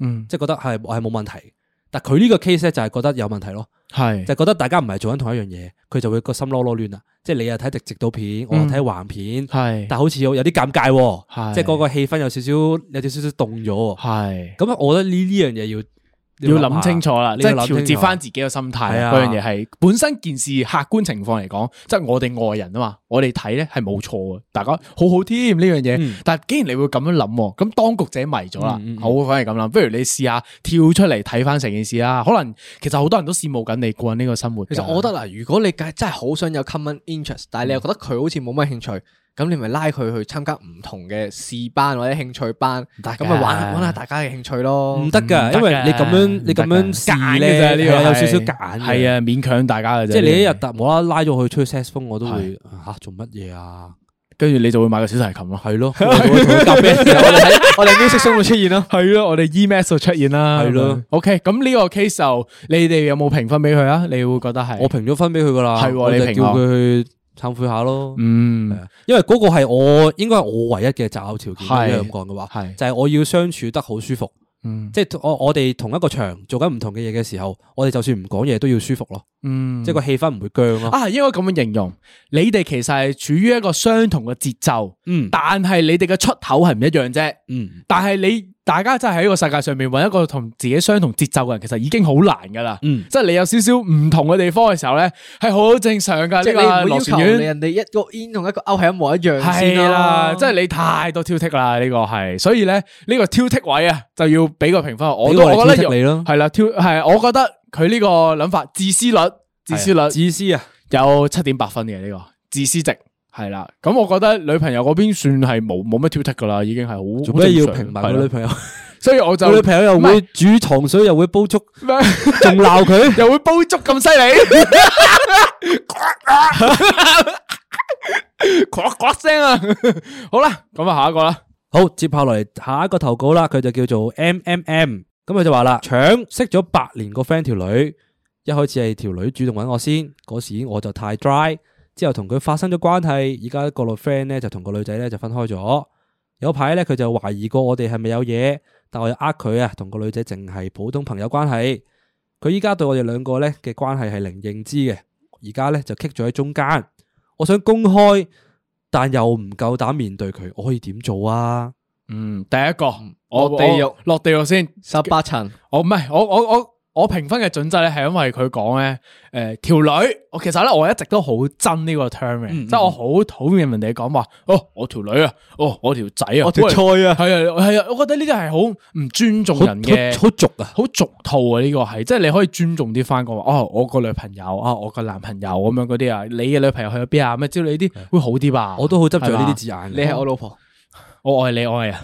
嗯，即係覺得係係冇問題。但佢呢個 case 咧就係覺得有問題咯，係就係覺得大家唔係做緊同一樣嘢，佢就會個心囉囉攣啊。即係你又睇直直到片，我又睇橫片，嗯、但係好似有啲尷尬喎、啊，是即係嗰個氣氛有少少，有少少凍凍咗，係是，咁我覺得呢樣嘢要。要諗清楚啦，你要諗清楚，即係調節翻自己個心態嗰樣嘢，係本身件事客觀情況嚟講，即係我哋外人啊嘛，我哋睇咧，係冇錯嘅，大家好好添呢樣嘢。嗯、但係既然你會咁樣諗，咁當局者迷咗啦，好反而咁諗。不如你試下跳出嚟睇翻成件事啦。可能其實好多人都羨慕緊你過緊呢個生活。其實我覺得嗱，如果你梗係真係好想有 common interest，但係你又覺得佢好似冇乜興趣。咁你咪拉佢去參加唔同嘅試班或者興趣班，咁咪玩玩下大家嘅興趣咯。唔得噶，因為你咁樣你咁樣夾咧，呢個有少少夾眼，係啊，勉強大家嘅啫。即係你一日突然無啦啦拉咗佢出去吹色士風，我都會吓做乜嘢啊？跟住你就會買個小提琴咯。係咯，我哋我哋 music 會出現咯。係咯，我哋 e-mail 就出現啦。係咯。OK，咁呢個 case 你哋有冇評分俾佢啊？你會覺得係我評咗分俾佢噶啦。係，我就叫佢。懺悔下咯，嗯，因為嗰個係我應該係我唯一嘅擇偶條件，咁是樣講嘅話，係是就係我要相處得好舒服，嗯，即係我我哋同一個場做緊唔同嘅嘢嘅時候，我哋就算唔講嘢都要舒服咯，嗯，即係個氣氛唔會僵咯，啊，應該咁樣形容，你哋其實係處於一個相同嘅節奏，嗯，但係你哋嘅出口係唔一樣啫，嗯，但係你。大家真係喺個世界上面揾一個同自己相同節奏嘅人，其實已經好難噶啦。嗯，即係你有少少唔同嘅地方嘅時候咧，係好正常噶。即係你唔會要求人哋一個 in 同一個 out 係一模一樣先、啊、咯。係啦、啊，即係你太多挑剔啦，呢、這個係。所以咧，呢個挑剔位挑剔啊，就要俾個評分。我都覺得你咯，係啦，挑係。我覺得佢呢個諗法自私率、自私率、啊、自私啊，有七點八分嘅呢、這個自私值。係啦，咁我覺得女朋友嗰邊算係冇冇乜挑剔噶啦，已經係好。做咩要平民個女朋友？所以我就女朋友又會煮糖水，又會煲粥，仲鬧佢，又會煲粥咁犀利，呱呱聲啊！好啦，咁啊下一個啦，好，接下來下一個投稿啦，佢就叫做 M M M，咁佢就話啦，搶識咗八年個 friend 條女，一開始係條女主動搵我先，嗰時我就太 dry。之後同佢發生咗關係，而家個 friend 咧就同個女仔咧就分開咗。有排咧佢就懷疑過我哋係咪有嘢，但我又呃佢啊，同個女仔淨係普通朋友關係。佢依家對我哋兩個咧嘅關係係零認知嘅，而家咧就棘咗喺中間。我想公開，但又唔夠膽面對佢，我可以點做啊？嗯，第一個，我地獄落地獄先十八層，我唔係我我我。我評分嘅準則咧，係因為佢講咧，誒、呃、條女，我其實咧我一直都好憎呢個 term 嘅、嗯嗯，即係我好討厭人哋講話，哦我條女啊，哦我條仔啊，我條菜啊，係啊係啊，啊，我覺得呢啲係好唔尊重人嘅，好俗啊，好俗套啊，呢、這個係，即係你可以尊重啲翻講話，哦我個女朋友啊、哦，我個男朋友咁樣嗰啲啊，你嘅女朋友去咗邊啊，咁啊招你啲會好啲吧，嗯、我都好執着呢啲字眼，吧你係我老婆。我愛你愛啊，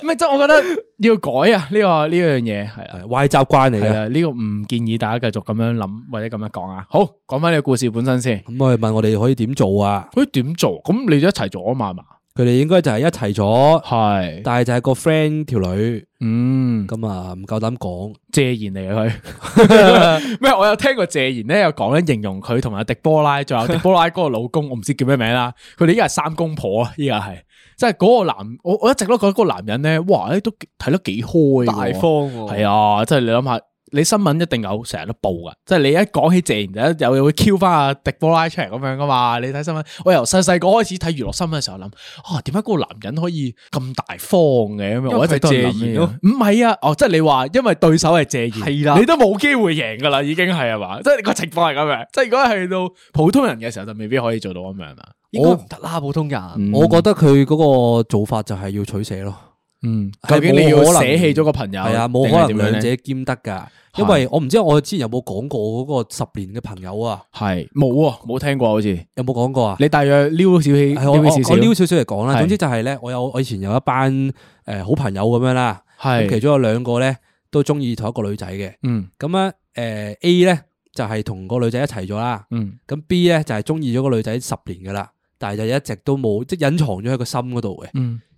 咩即係我覺得要改啊呢個呢樣嘢，係啊壞習慣嚟嘅，呢個唔建議大家繼續咁樣諗或者咁樣講啊。好，講翻你個故事本身先。咁我哋問我哋可以點做啊？可以點做？咁你一齊做啊嘛？係嘛？佢哋應該就係一齊咗，係，但係就係個 friend 條女，嗯，咁啊唔夠膽講，謝賢嚟嘅佢。咩？ 我有聽過謝賢咧有講咧形容佢同阿迪波拉，仲有迪波拉嗰個老公，我唔知叫咩名啦。佢哋依家係三公婆啊，依家係。即係嗰個男，我我一直都覺得嗰個男人咧，哇咧都睇得幾開，大方。係啊，即係你諗下，你新聞一定有成日都報噶。即係你一講起謝賢，又又會 Q 翻阿迪波拉出嚟咁樣噶嘛？你睇新聞，我由細細個開始睇娛樂新聞嘅時候諗，啊，點解嗰個男人可以咁大方嘅？咁樣我一直都嘅。唔係啊，哦，即係你話，因為對手係謝賢，啊、你都冇機會贏噶啦，已經係，係嘛？即係個情況係咁樣。即係如果係到普通人嘅時候，就未必可以做到咁樣啊。應該唔得啦，普通人。嗯、我覺得佢嗰個做法就係要取捨咯。嗯，究竟你要捨棄咗個朋友。係啊，冇可能兩者兼得噶。因為我唔知我之前有冇講過嗰個十年嘅朋友啊。係，冇啊，冇聽過好似。有冇講過啊？你大約撩少少，我我撩少少嚟講啦。點點講，是總之就係咧，我有我以前有一班誒、呃、好朋友咁樣啦。係是，其中有兩個咧都中意同一個女仔嘅。嗯。咁樣誒 A 咧就係、是、同個女仔一齊咗啦。嗯。咁 B 咧就係中意咗個女仔十年噶啦。但係就一直都冇，即係隱藏咗喺個心嗰度嘅。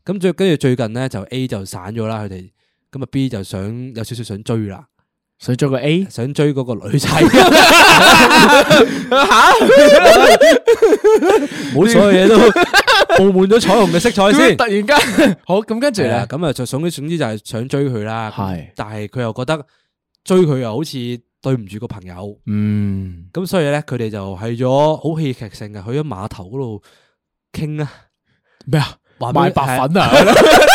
咁最跟住最近咧就 A 就散咗啦，佢哋咁啊 B 就想有少少想追啦，想追個 A，想追嗰個女仔。吓，冇所謂嘢，都布滿咗彩虹嘅色彩先。突然間，好咁跟住咧，咁啊就想，總之就係想追佢啦。係，但係佢又覺得。追佢又好似對唔住個朋友。嗯，咁所以咧，佢哋就係咗好戲劇性嘅，去咗碼頭嗰度傾啊，咩啊，賣白粉啊，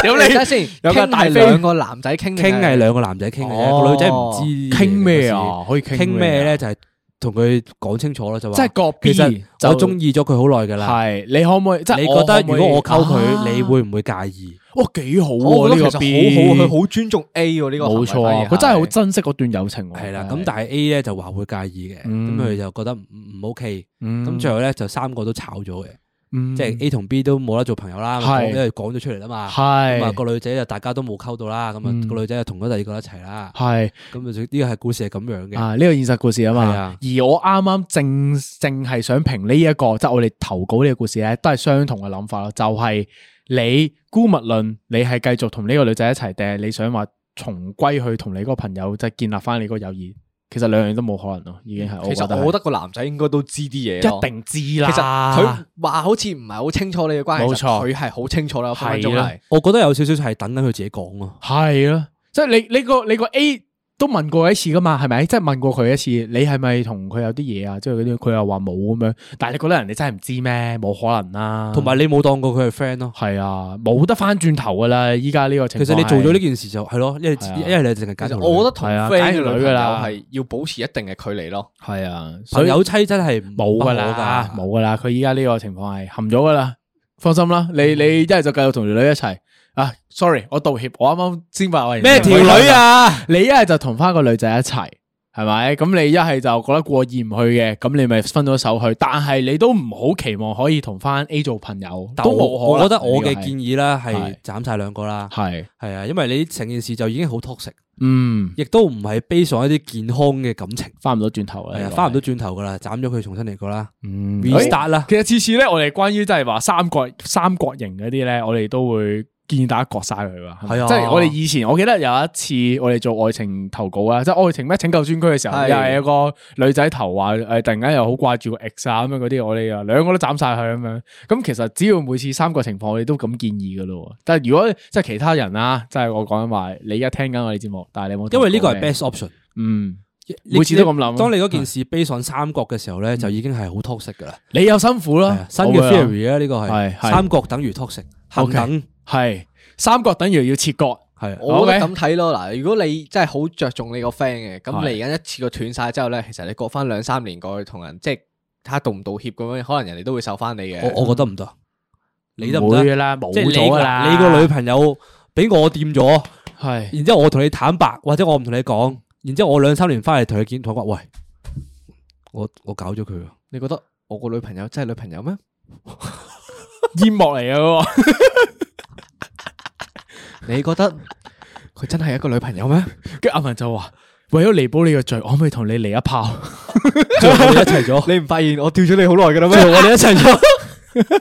有你睇下先，有架大飛，兩個男仔傾，傾係兩個男仔傾嘅啫，個女仔唔知傾咩啊，可以傾咩咧，就係同佢講清楚咯，就即係個 B，其實我中意咗佢好耐噶啦，係你可唔可以，即係你覺得如果我溝佢，你會唔會介意？哇，幾、哦、好啊！呢、哦、個 B 好、啊！佢好尊重 A 喎、啊，呢個冇錯啊，佢真係好珍惜嗰段友情。係啦，咁但係 A 咧就話會介意嘅，咁佢、嗯、就覺得唔 OK，咁最後咧就三個都炒咗嘅。嗯、即係 A 同 B 都冇得做朋友啦，是因為講咗出嚟啦嘛，咁啊個女仔就大家都冇溝到啦，咁啊、嗯、個女仔就同咗第二個一齊啦，咁呢是個係故事係咁樣嘅、啊，呢、這個現實故事啊嘛，是啊而我啱啱正正係想評呢一個，即、就、係、是、我哋投稿呢個故事咧，都係相同嘅諗法咯，就係、是、你姑勿論，你係繼續同呢個女仔一齊，定係你想話重歸去同你嗰個朋友即係、就是、建立返你嗰個友誼？其實兩樣都冇可能咯，已經係。其實我覺得個男仔應該都知啲嘢，一定知啦。其實佢話好似唔係好清楚你嘅關係，冇錯，佢係好清楚啦。分鐘係，我覺得有少少係等等佢自己講咯。係咯，即係你你個你個 A。都問過一次噶嘛，係咪？即係問過佢一次，你係咪同佢有啲嘢啊？即係嗰啲，佢又話冇咁樣。但係你覺得人哋真係唔知咩？冇可能啦、啊。同埋你冇當過佢係 friend 咯。係啊，冇得翻轉頭噶啦。依家呢個情況，其實你做咗呢件事就係咯，啊啊、因為你淨係介紹，我覺得同 friend 女係要保持一定嘅距離咯。係啊，有妻真係冇噶啦，冇噶啦。佢依家呢個情況係含咗噶啦，放心啦，你你，、嗯、你繼一係就繼續同條女一齊。啊，Sorry，我道歉，我啱啱先話喂咩條女啊？你一係就同翻個女仔一齊，係咪？咁你一係就覺得過意唔去嘅，咁你咪分咗手去。但係你都唔好期望可以同翻 A 做朋友，但我都冇可能，我覺得我嘅建議啦，係斬晒兩個啦，係係啊，因為你成件事就已經好 toxic，嗯，亦都唔係 based on 一啲健康嘅感情，翻唔到轉頭嘅，係啊，翻唔到轉頭噶啦，斬咗佢重新嚟過啦 restart 啦、嗯。 欸、 其實次次咧，我哋關於即係話三角三角形嗰啲咧，我哋都會。建議大家割晒佢啦，啊、即係我哋以前，我記得有一次我哋做愛情投稿啊，即係愛情咩拯救專區嘅時候，又係是的 有個女仔投話誒，突然間又好掛住個 x 啊咁樣嗰啲，我哋啊兩個都斬晒佢咁樣。咁其實只要每次三角情況，我哋都咁建議噶咯。但係如果即係其他人啦，即係我講埋，你而家聽緊我哋節目，但係你冇因為呢個係 best option。嗯，你每次都咁諗。你當你嗰件事悲上三角嘅時候咧，的就已經係好 toxic 噶啦。你有辛苦啦，新嘅 theory 啊，呢個係三角等於 toxic，等、okay。係，三角等於要切割。係，我覺得咁睇咯。嗱，如果你真係好着重你個 friend 嘅，咁你而家一次過斷晒之後咧，其實你過翻兩三年過去同人，即係睇下道唔道歉咁樣，可能人哋都會受翻你嘅。我我覺得唔得，你得唔得？會啦，冇咗噶啦。你個女朋友俾我掂咗，係。然之後我同你坦白，或者我唔同你講，然之後我兩三年翻嚟同你見，同喂，我我搞咗佢。你覺得我個女朋友真係女朋友咩？煙幕嚟嘅。你覺得佢真係一個女朋友咩？跟住阿文就話：為咗彌補你嘅罪，我可唔可以同你嚟一炮？做 我哋一齊咗。 你唔發現我吊咗你好耐㗎啦咩？做我哋一齊咗。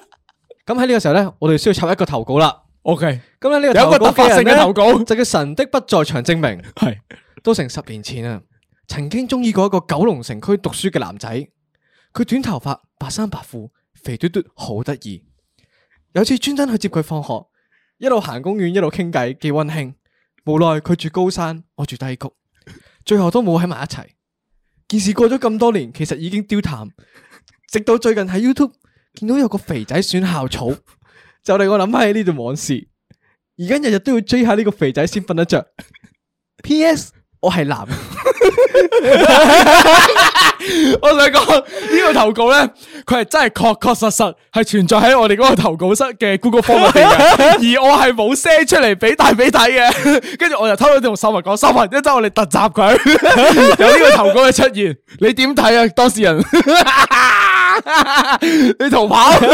咁喺呢個時候咧，我哋需要插一個投稿啦。OK。咁咧呢個有一個突發性嘅投稿，就叫神的不在場證明。係 都成十年前啊，曾經中意過一個九龍城區讀書嘅男仔，佢短頭髮、白衫白褲、肥嘟嘟，嘟，好得意。有次專登去接佢放學。一路行公園，一路傾偈，幾温馨。無奈佢住高山，我住低谷，最後都冇喺埋一齊。件事過咗咁多年，其實已經丟淡。直到最近喺 YouTube 見到有個肥仔選校草， 就令我諗返起呢段往事。而家日日都要追下呢個肥仔先瞓得着。 P.S. 我係男。 我想講呢、呢個投稿咧，佢係真係確確實實係存在喺我哋嗰個投稿室嘅 Google Form 入邊，而我係冇 send 出嚟俾大俾睇嘅。跟住我又偷偷同秀文講，秀文，一陣我哋突襲佢，有呢個投稿嘅出現，你點睇啊？當事人， 你逃跑？呢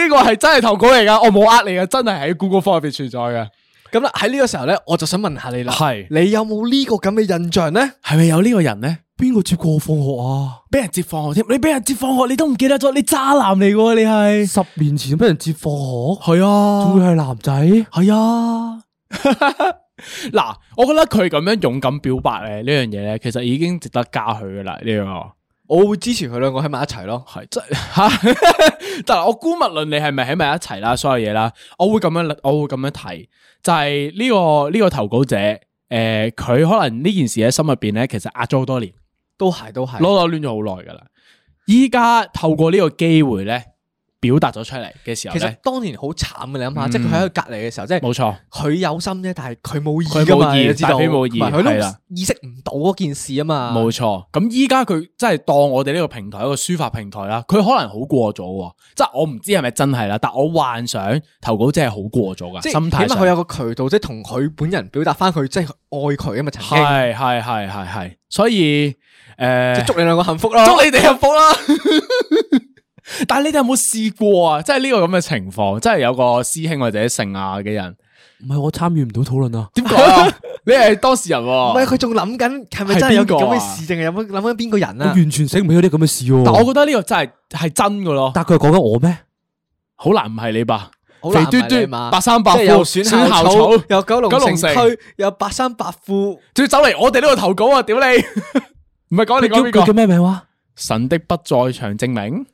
個係真係投稿嚟噶，我冇呃你啊，真係喺 Google Form 入邊存在嘅。咁啦，喺呢個時候咧，我就想問下你啦，係是你有冇呢個咁嘅印象咧？係咪有呢個人咧？邊個接過我放學啊？俾人接放學添，你俾人接放學，你都唔記得咗，你渣男嚟嘅喎，你係十年前俾人接放學，係啊，仲會係男仔，係啊，嗱， 我覺得佢咁樣勇敢表白咧，呢樣嘢咧，其實已經值得加佢噶啦呢樣。我會支持佢兩個喺埋一齊咯，係即吓，但係我估物論你係咪喺埋一齊啦？所有嘢啦，我會咁樣，我會咁樣睇，就係呢個呢個投稿者，誒，佢可能呢件事喺心入邊咧，其實壓咗好多年，都係都係囉囉攣咗好耐噶啦，依家透過呢個機會咧。表達咗出嚟嘅時候，其實當年好慘嘅，你諗下，即係佢喺佢隔籬嘅時候，即係冇錯，佢有心啫，但係佢冇意噶嘛，知道？冇意，佢都意識唔到嗰件事啊嘛。錯。冇錯，咁依家佢真係當我哋呢個平台一個抒發平台啦，佢可能好過咗，即係我唔知係咪真係啦，但我幻想投稿真係好過咗噶，即是心態上起碼佢有個渠道，即係同佢本人表達翻佢即係愛佢啊嘛。曾經係係係係係，所以誒，以 uh, 祝你兩個幸福咯，祝你哋幸福啦。 但係你哋有冇試過啊？即係呢個咁嘅情況，即係有個師兄或者聖亞嘅人，唔係我參與唔到討論啊？點講你係當事人喎，唔係佢仲諗緊係咪真係有咁嘅事，定係諗緊邊個人啊？我完全醒唔起有啲咁嘅事哦。但我覺得呢個真係係真嘅咯。但佢係講緊我咩？好難唔係你吧？肥嘟嘟，八山百富選校草，有九龍城，有八山百富，仲要走嚟我哋呢度投稿啊？屌你！唔係講你叫佢叫咩名話？神的不在場證明。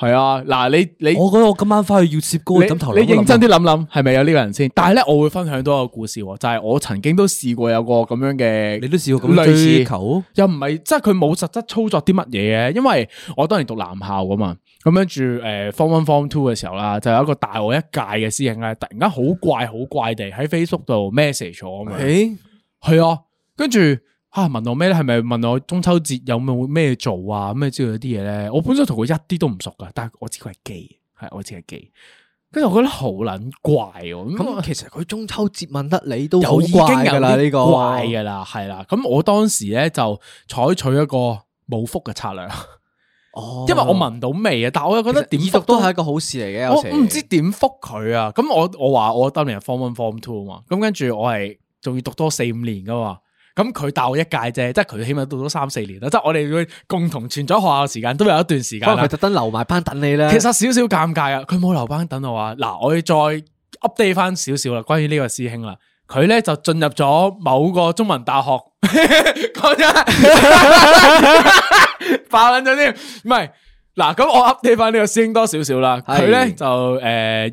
係啊，嗱你你，你我覺得我今晚翻去要攝高枕頭想想。你認真啲諗諗，係咪有呢個人先？但係咧，我會分享多個故事喎，就係、是、我曾經都試過有個咁樣嘅，你都試過咁類似球，又唔係即係佢冇實質操作啲乜嘢嘅，因為我當年讀男校啊嘛，咁樣住誒 form one form two 嘅時候啦，就有一個大我一屆嘅師兄咧，突然間好怪好怪地喺 Facebook 度 message 我啊嘛，係、欸、啊，跟住。啊！問我咩咧？係咪問我中秋節有冇咩做啊？咩之類啲嘢咧？我本身同佢一啲都唔熟噶，但係我知佢係基，係我知係基，跟住我覺得好撚怪喎。咁、嗯嗯、其實佢中秋節問得你都、這個、已經有啲怪噶啦，係啦。咁我當時咧就採取一個冇覆嘅策略，哦、嗯，嗯嗯、因為我聞到味啊。但係我又覺得點覆其實 都係一個好事嚟嘅其實、嗯。我我唔知點覆佢啊。咁我我話我當年係 form one form two 啊嘛。咁跟住我係仲要讀多四五年噶嘛。咁佢大我一屆啫，即係佢起碼讀咗三四年啦，即係我哋會共同存咗學校嘅時間都有一段時間啦。佢特登留埋班等你咧。其實少少尷尬啊，佢冇留班等我啊。嗱，我要再 update 翻少少啦，關於呢個師兄啦，佢咧就進入咗某個中文大學，講 真了，爆撚咗添，唔係。嗱，咁我 update 翻呢個師兄多少少啦。佢咧就誒，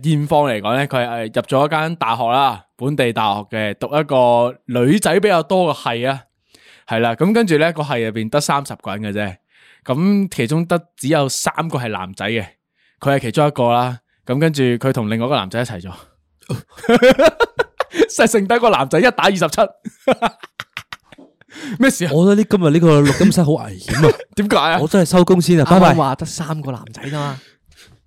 現況嚟講咧，佢係入咗一間大學啦，本地大學嘅，讀一個女仔比較多嘅係啊，係啦。咁跟住咧個系入邊得三十個人嘅啫，咁其中得只有三個係男仔嘅，佢係其中一個啦。咁跟住佢同另外一個男仔一齊咗，剩剩低個男仔一打二十七。咩事啊？我覺得呢今日呢個錄音室好危險啊, 啊！點解啊？我真係收工先啊！阿康話得三個男仔嘛，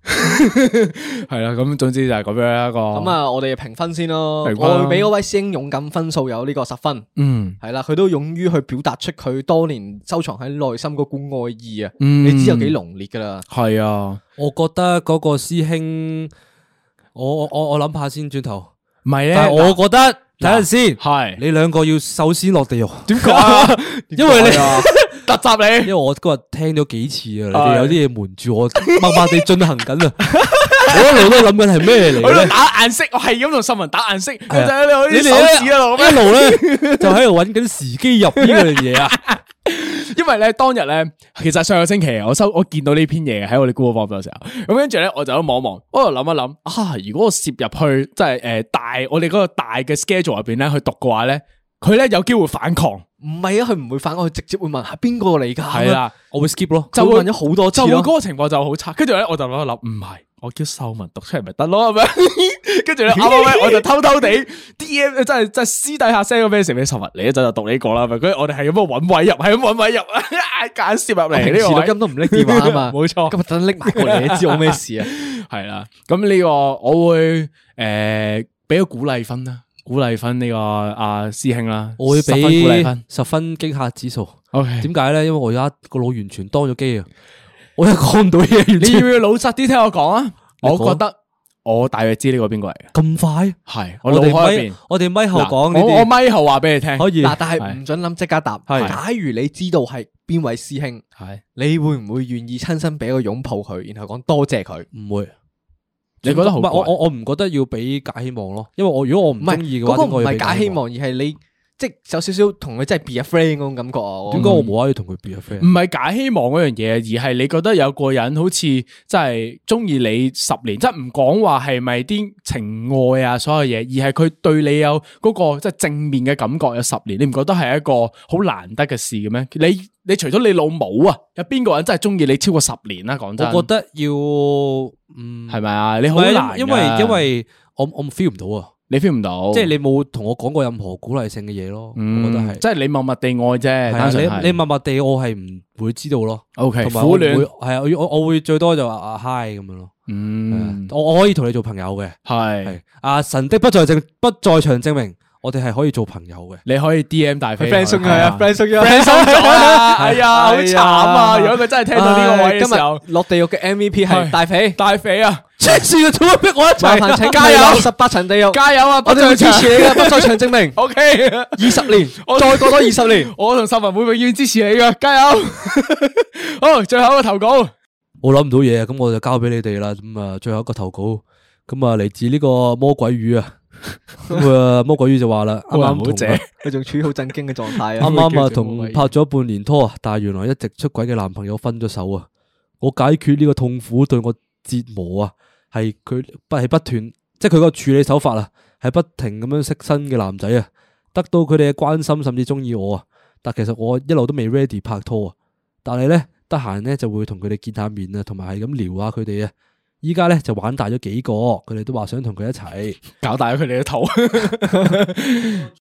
係啦。咁總之就係咁樣一個。咁啊，我哋評分先咯。評分。我會俾嗰位師兄勇敢分數有呢個十分。嗯，係啦，佢都勇於去表達出佢多年收藏喺內心嗰股愛意啊。你知有幾濃烈噶啦。係、嗯、啊，我覺得嗰個師兄，我我我諗下先，轉頭。唔係，但係我覺得。睇下先，係你兩個要首先落地獄，點講，因為你突襲你，因為我今日聽咗幾次啊，你哋有啲嘢瞞住我，默默地進行緊啊！我一路都諗緊係咩嚟？喺度打顏色，我係咁同新文打顏色，你哋一路咧就喺度搵緊時機入呢樣嘢啊！因為咧當日咧，其實上個星期我收我見到呢篇嘢喺我哋 Google Form 嗰時候，咁跟住咧我就望一望望，我喺度諗一諗啊，如果我攝入去即係誒、呃、大我哋嗰個大嘅 schedule 入邊咧去讀嘅話咧，佢咧有機會反抗，唔係啊，佢唔會反抗，佢直接問問、啊、會、會問下邊、啊、個嚟噶，係啦，我會 skip 咯，就問咗好多次咯，嗰個情況就好差，跟住咧我就諗一諗，唔係。我叫秀文讀，讀出嚟咪得咯，係咪？跟住咧，阿威我就偷偷地 D M，真係即係私底下 send 個 message 俾秀文，你一陣就讀呢個啦。咪佢我哋係咁樣揾位入，係咁揾位入啊，挨夾攝入嚟。呢遲們到咁都唔拎電話啊嘛，冇 沒錯。今日等拎埋嚟，你知我咩事啊？ 係啦、這個，咁呢個我會誒俾、呃、個鼓勵分啦，鼓勵分呢、這個阿、啊、師兄啦，我會俾十分驚嚇指數。OK 點解咧？因為我而家個腦完全當咗機啊。我都講唔到嘢，你要唔要老實啲聽我講啊？我覺得我大約知呢個邊個嚟嘅。咁快係我，哋咪我哋咪頭講我咪頭話俾你聽。可以嗱，但係唔准諗即刻答。假如你知道係邊位師兄，係你會唔會願意親身俾個擁抱佢，然後講多謝佢？唔會。你覺得好？我我我唔覺得要俾假希望咯，因為我如果我唔中意嘅話，我唔會假希望，而係你。即係有少少同佢真係變咗 friend 嗰種感覺啊！點解、嗯、我冇可以同佢變咗 friend？唔係假希望嗰樣嘢，而係你覺得有個人好似真係中意你十年，即係唔講話係咪啲情愛啊，所有嘢，而係佢對你有嗰個即係正面嘅感覺有十年，你唔覺得係一個好難得嘅事嘅咩？你你除咗你老母啊，有邊個人真係中意你超過十年啦？講真，我覺得要，嗯，係咪啊？你好難因，因為因為我我 feel 唔到啊。你 feel 唔到，即係你冇同我講過任何鼓勵性嘅嘢咯，嗯、我覺得係，即係你默默地愛啫，你你默默地我係唔會知道咯。O K，同埋會係啊，我我，我會最多就話啊 Hi 咁樣咯。嗯，我、啊、我可以同你做朋友嘅，係是啊，神的不在證不在場證明。我哋係可以做朋友嘅，你可以 D M 大肥。friend 叔啊，friend 叔啊，friend 叔啊，哎呀，好慘啊！如果佢真係聽到呢個位嘅時候，今日落地獄嘅 M V P 係大肥，大肥啊！真是要拖逼我一齊，請加油！十八層地獄，加油啊！我哋去支持你嘅，不在場證明。O K，二十年，再過多二十年，我同秀文會永遠支持你嘅，加油！好，最後一個投稿，我諗唔到嘢啊，咁我就交俾你哋啦。咁啊，最後一個投稿，咁啊，嚟自呢個魔鬼魚啊。哇！ 魔鬼魚就話啦，啱啱好謝佢仲處於好震驚嘅狀態啊！啱啱啊同拍咗半年拖啊，但係原來一直出軌嘅男朋友分咗手啊！我解決呢個痛苦對我折磨啊，係佢係不斷即係佢個處理手法啊，係不停咁樣識新嘅男仔啊，得到佢哋嘅關心甚至中意我啊，但其實我一路都未 ready 拍拖啊，但係咧得閒咧就會同佢哋見面下面啊，同埋係咁聊下佢哋啊。依家咧就玩大咗幾個，佢哋都話想同佢一齊搞大佢哋嘅頭，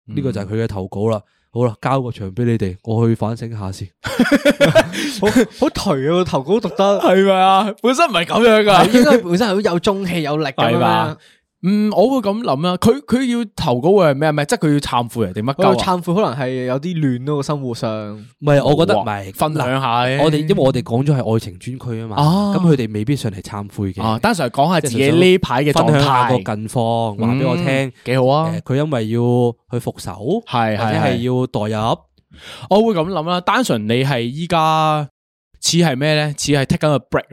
呢個就係佢嘅投稿啦。好啦，交個場俾你哋，我去反省下先 好好頹啊，個投稿讀得係咪啊？本身唔係咁樣噶，應該 本身係好有中氣有力係咪？嗯，我會咁諗啦。佢佢要投稿會係咩啊？唔即係佢要懺悔人哋乜鳩啊？懺悔可能係有啲亂咯，個生活上。唔係，我覺得唔係哇分享下。我哋因為我哋講咗係愛情專區啊嘛。哦、啊。咁佢哋未必上嚟懺悔嘅。哦、啊，單純係講下自己呢排嘅狀態。分享下個近況，話俾我聽，幾好啊！佢、呃、因為要去復仇，係係是，或者係要代入。我會咁諗啦。單純你係依家似係咩咧？似係 take 緊個 break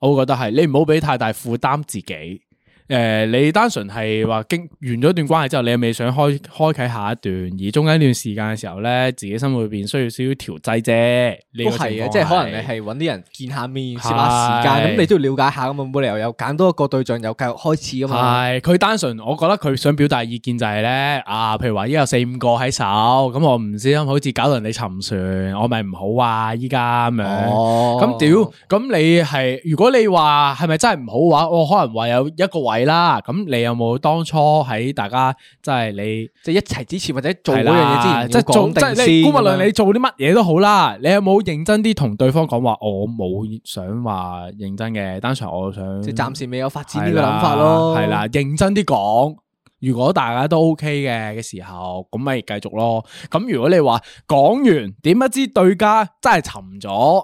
我會覺得係你唔好俾太大負擔自己。誒、呃，你單純係話經完咗段關係之後，你又未想開開啟下一段，而中間一段時間嘅時候咧，自己心裏邊需要少少調劑啫，都係嘅，即係可能你係搵啲人見下面，消下的時間，咁你都要了解下，咁冇理由又揀多一個對象又繼續開始啊嘛，係。佢單純，我覺得佢想表達意見就係、是、咧，啊，譬如話依家有四五個喺手，咁、嗯、我唔知好似搞到人哋沉船，我咪唔好啊，依家咁樣，咁屌、哦，咁你係，如果你話係咪真係唔好嘅話，我可能話有一個話。係啦，咁你有冇當初喺大家即係、就是、你即係一齊支持或者做嗰樣嘢之前的，即係講定先你估無論，嗯、你做啲乜嘢都好啦，你有冇認真啲同對方講話？我冇想話認真嘅，單純我想即係暫時未有發展呢個諗法咯。係啦的，認真啲講，如果大家都 OK 嘅嘅時候，咁咪繼續咯。咁如果你話講完，點不知對家真係沉咗，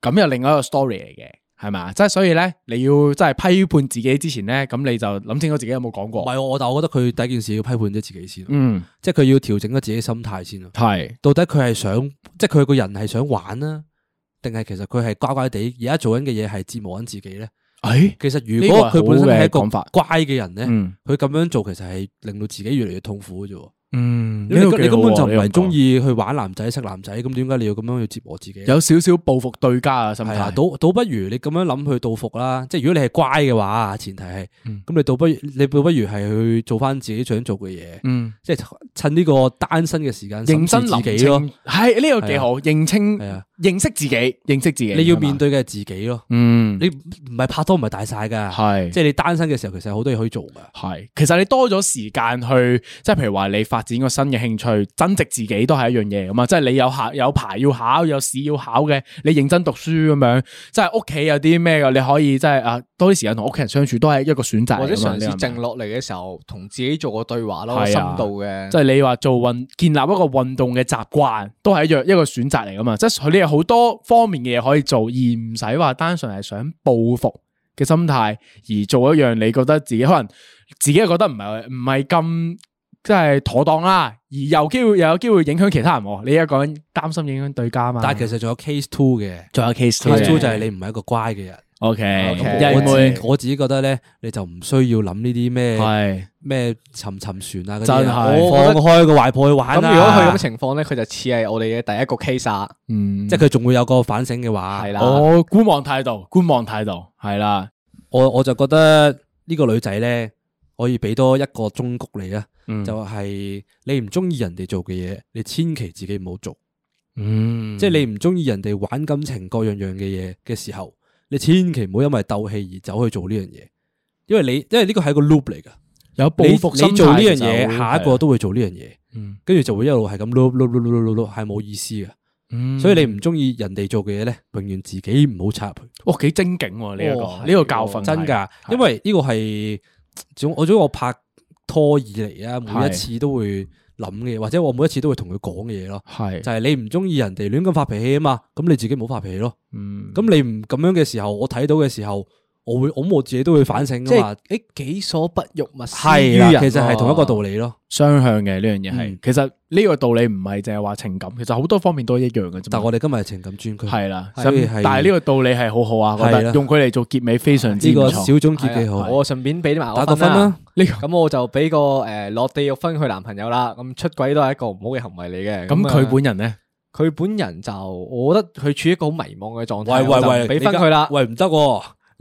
咁又另外一個 story 嚟嘅。係嘛，即係所以咧，你要真係批判自己之前咧，咁你就諗清楚自己有冇講過。唔係我，但我覺得佢第一件事要批判咗自己先、啊。嗯，即係佢要調整咗自己嘅心態先咯、啊。係，到底佢係想，即係佢個人係想玩啦、啊，定係其實佢係乖乖地而家做緊嘅嘢係折磨緊自己咧？誒、欸，其實如果佢本身係一個乖嘅人咧，佢咁、嗯、樣做其實係令到自己越嚟越痛苦嘅啫。嗯，你根本就唔係中意去玩男仔、識男仔，咁點解你要咁樣去折磨自己？有少少報復對家嘅心態，倒、啊、倒不如你咁樣諗去報復啦。即係如果你係乖嘅話，前提係，咁、嗯、你倒不如你倒不如係去做翻自己想做嘅嘢。嗯、即係趁呢個單身嘅時間，自己咯認真諗清，係呢個幾好，認清。認識自己，認識自己，你要面對嘅係自己咯。嗯，你唔係拍拖唔係大晒噶，係，即係你單身嘅時候，其實好多嘢可以做噶。係、嗯，其實你多咗時間去，即係譬如話你發展個新嘅興趣，增值自己都係一樣嘢咁嘛。即係你有考有牌要考，有試要考嘅，你認真讀書咁樣，即係屋企有啲咩噶，你可以即係啊多啲時間同屋企人相處，都係一個選擇。或者嘗試靜落嚟嘅時候，同自己做個對話咯，啊、深度嘅。即係你話做運，建立一個運動嘅習慣，都係一樣一個選擇嚟噶嘛。即係佢呢？好多方面嘅嘢可以做，而唔使話單純係想報復嘅心態而做一樣，你覺得自己可能自己覺得唔係唔係咁即係妥當啦，而有機會又有機會影響其他人。你一個人擔心影響對家嘛？但係其實仲有 case two 嘅，仲有 case two，case two 就係你唔係一個乖嘅人。O、okay, K，、okay, okay. 我自，我自己覺得咧，你就唔需要諗呢啲咩，咩是沉沉船啊嗰啲，真係我放開個懷抱去玩。咁如果佢咁情況咧，佢就似係我哋嘅第一個 case 啊，嗯嗯、即係佢仲會有個反省嘅話，我啦、哦、觀望態度，觀望態度係啦。我我就覺得呢個女仔咧，可以俾多一個忠告你啊，嗯、就係你唔中意人哋做嘅嘢，你千祈自己唔好做，嗯、即係你唔中意人哋玩感情各樣樣嘅嘢嘅時候。你千祈唔好因為鬥氣而走去做呢樣嘢，因為你因為呢個係一個 loop 嚟噶，有報復心態就下一個都會做呢樣嘢，跟住就會一路係咁碌碌碌碌碌，碌碌係冇意思噶，所以你唔中意人哋做嘅嘢咧，永遠自己唔好插入去。哦，幾精警呢一個呢個教訓，真噶，因為呢個係總我總之我拍拖以嚟啊，每一次都會。諗嘅嘢，或者我每一次都會同佢講嘅嘢咯，係是就係你唔中意人哋亂咁發脾氣啊嘛，咁你自己冇發脾氣咯。嗯，咁你唔咁樣嘅時候，我睇到嘅時候。我會，咁我自己都會反省。即係，誒，己所不欲，勿施於人。係啦，其實係同一個道理咯，雙向嘅呢樣嘢係。其實呢個道理唔係淨係話情感，其實好多方面都一樣嘅。但係我哋今日係情感專區。係啦，咁但係呢個道理係好好啊，覺得用佢嚟做結尾非常之唔錯。呢個小總結幾好。我順便俾埋我個分啦。呢個咁我就俾個誒，落地獄分佢男朋友啦。咁出軌都係一個唔好嘅行為嚟嘅。咁佢本人咧？佢本人就，我覺得佢處於一個好迷茫嘅狀態，就俾分佢啦。喂，唔得。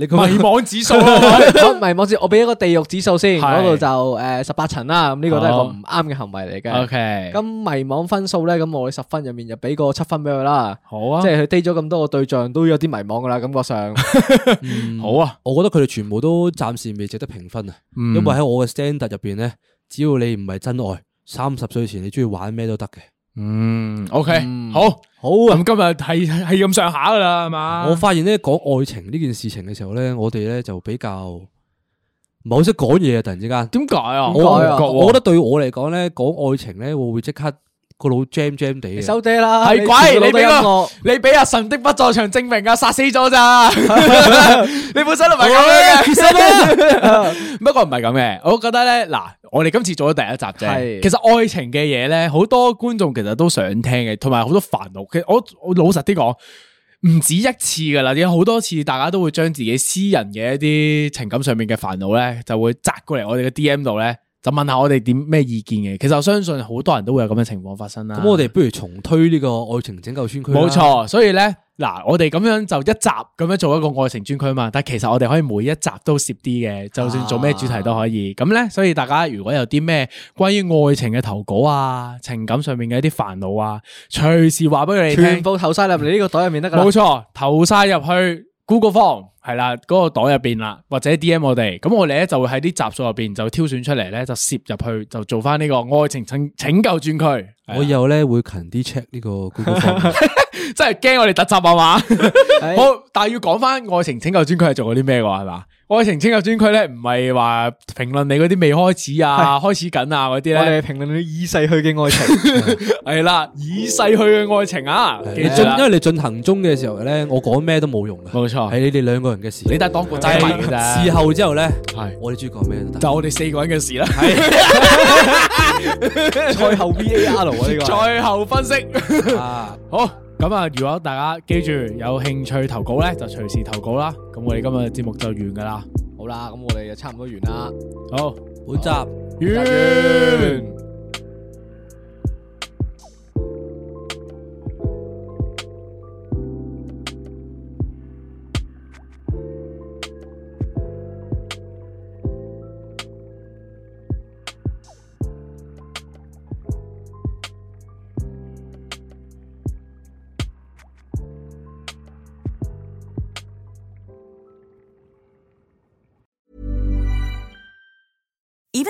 迷惘指數，迷惘指，我俾一個地獄指數先，嗰度 就誒十八層啦。咁呢個都係一個唔啱嘅行為嚟嘅。O K，咁迷惘分數咧，咁我哋十分入面就俾個七分俾佢啦。好啊，即係佢低咗咁多個對象，都有啲迷惘噶啦，感覺上。 嗯、好啊，我覺得佢哋全部都暫時未值得評分啊。嗯、因為喺我嘅 standard 入邊咧，只要你唔係真愛，三十歲前你中意玩咩都得嘅。嗯，OK，嗯好，嗯、好，咁、嗯、今日係係咁上下噶啦，係嘛？我發現咧，講愛情呢件事情嘅時候咧，我哋咧就比較唔係好識講嘢啊！突然之間，點解啊？我我覺，我覺得對我嚟講咧，講愛情咧，我會即刻。個老 jam jam 地，你收爹啦！係鬼怪你俾咯，你俾阿樂神的不在場證明啊！殺死咗咋？ 你本身都唔係咁嘅，其實 不過唔係咁嘅。我覺得咧，嗱，我哋今次做咗第一集啫。是其實愛情嘅嘢咧，好多觀眾其實都想聽嘅，同埋好多煩惱。其實我我老實啲講，唔止一次噶啦，點解好多次，大家都會將自己私人嘅一啲情感上面嘅煩惱咧，就會摘過嚟我哋嘅 D M 度咧。就問下我哋點咩意見嘅，其實我相信好多人都會有咁嘅情況發生啦。咁我哋不如重推呢個愛情拯救專區。冇錯，所以呢，嗱，我哋咁樣就一集咁樣做一個愛情專區嘛。但其實我哋可以每一集都攝啲嘅，就算做咩主題都可以。咁、啊、呢，所以大家如果有啲咩關於愛情嘅投稿啊，情感上面嘅一啲煩惱啊，隨時話俾我哋聽，全部投晒入嚟呢個袋入面得。冇錯，投晒入去。Google Form 係啦，嗰、嗰個袋入邊啦，或者 D M 我哋，咁我哋咧就會喺啲雜數入邊就挑選出嚟咧，就攝入去，就做翻呢個愛情拯拯救專區。區我以後咧會勤啲 check 呢個 Google Form， 真係驚我哋突襲啊嘛！ 的好，但係要講翻愛情拯救專區係做咗啲咩㗎係嘛？愛情青日專區咧，唔係話評論你嗰啲未開始啊、開始緊啊嗰啲咧，我哋評論啲已逝去嘅愛情係啦，已逝去嘅愛情啊！你進，因為你進行中嘅時候咧，我講咩都冇用啦。冇錯，係你哋兩個人嘅事。你得係當個渣事後之後咧，係我哋主要講咩？就我哋四個人嘅事啦。係，賽後 VAR 呢個賽後分析啊好。咁啊！如果大家記住有興趣投稿咧，就隨時投稿啦。咁我哋今日嘅節目就完㗎啦。好啦，咁我哋就差唔多完啦。好，本集完。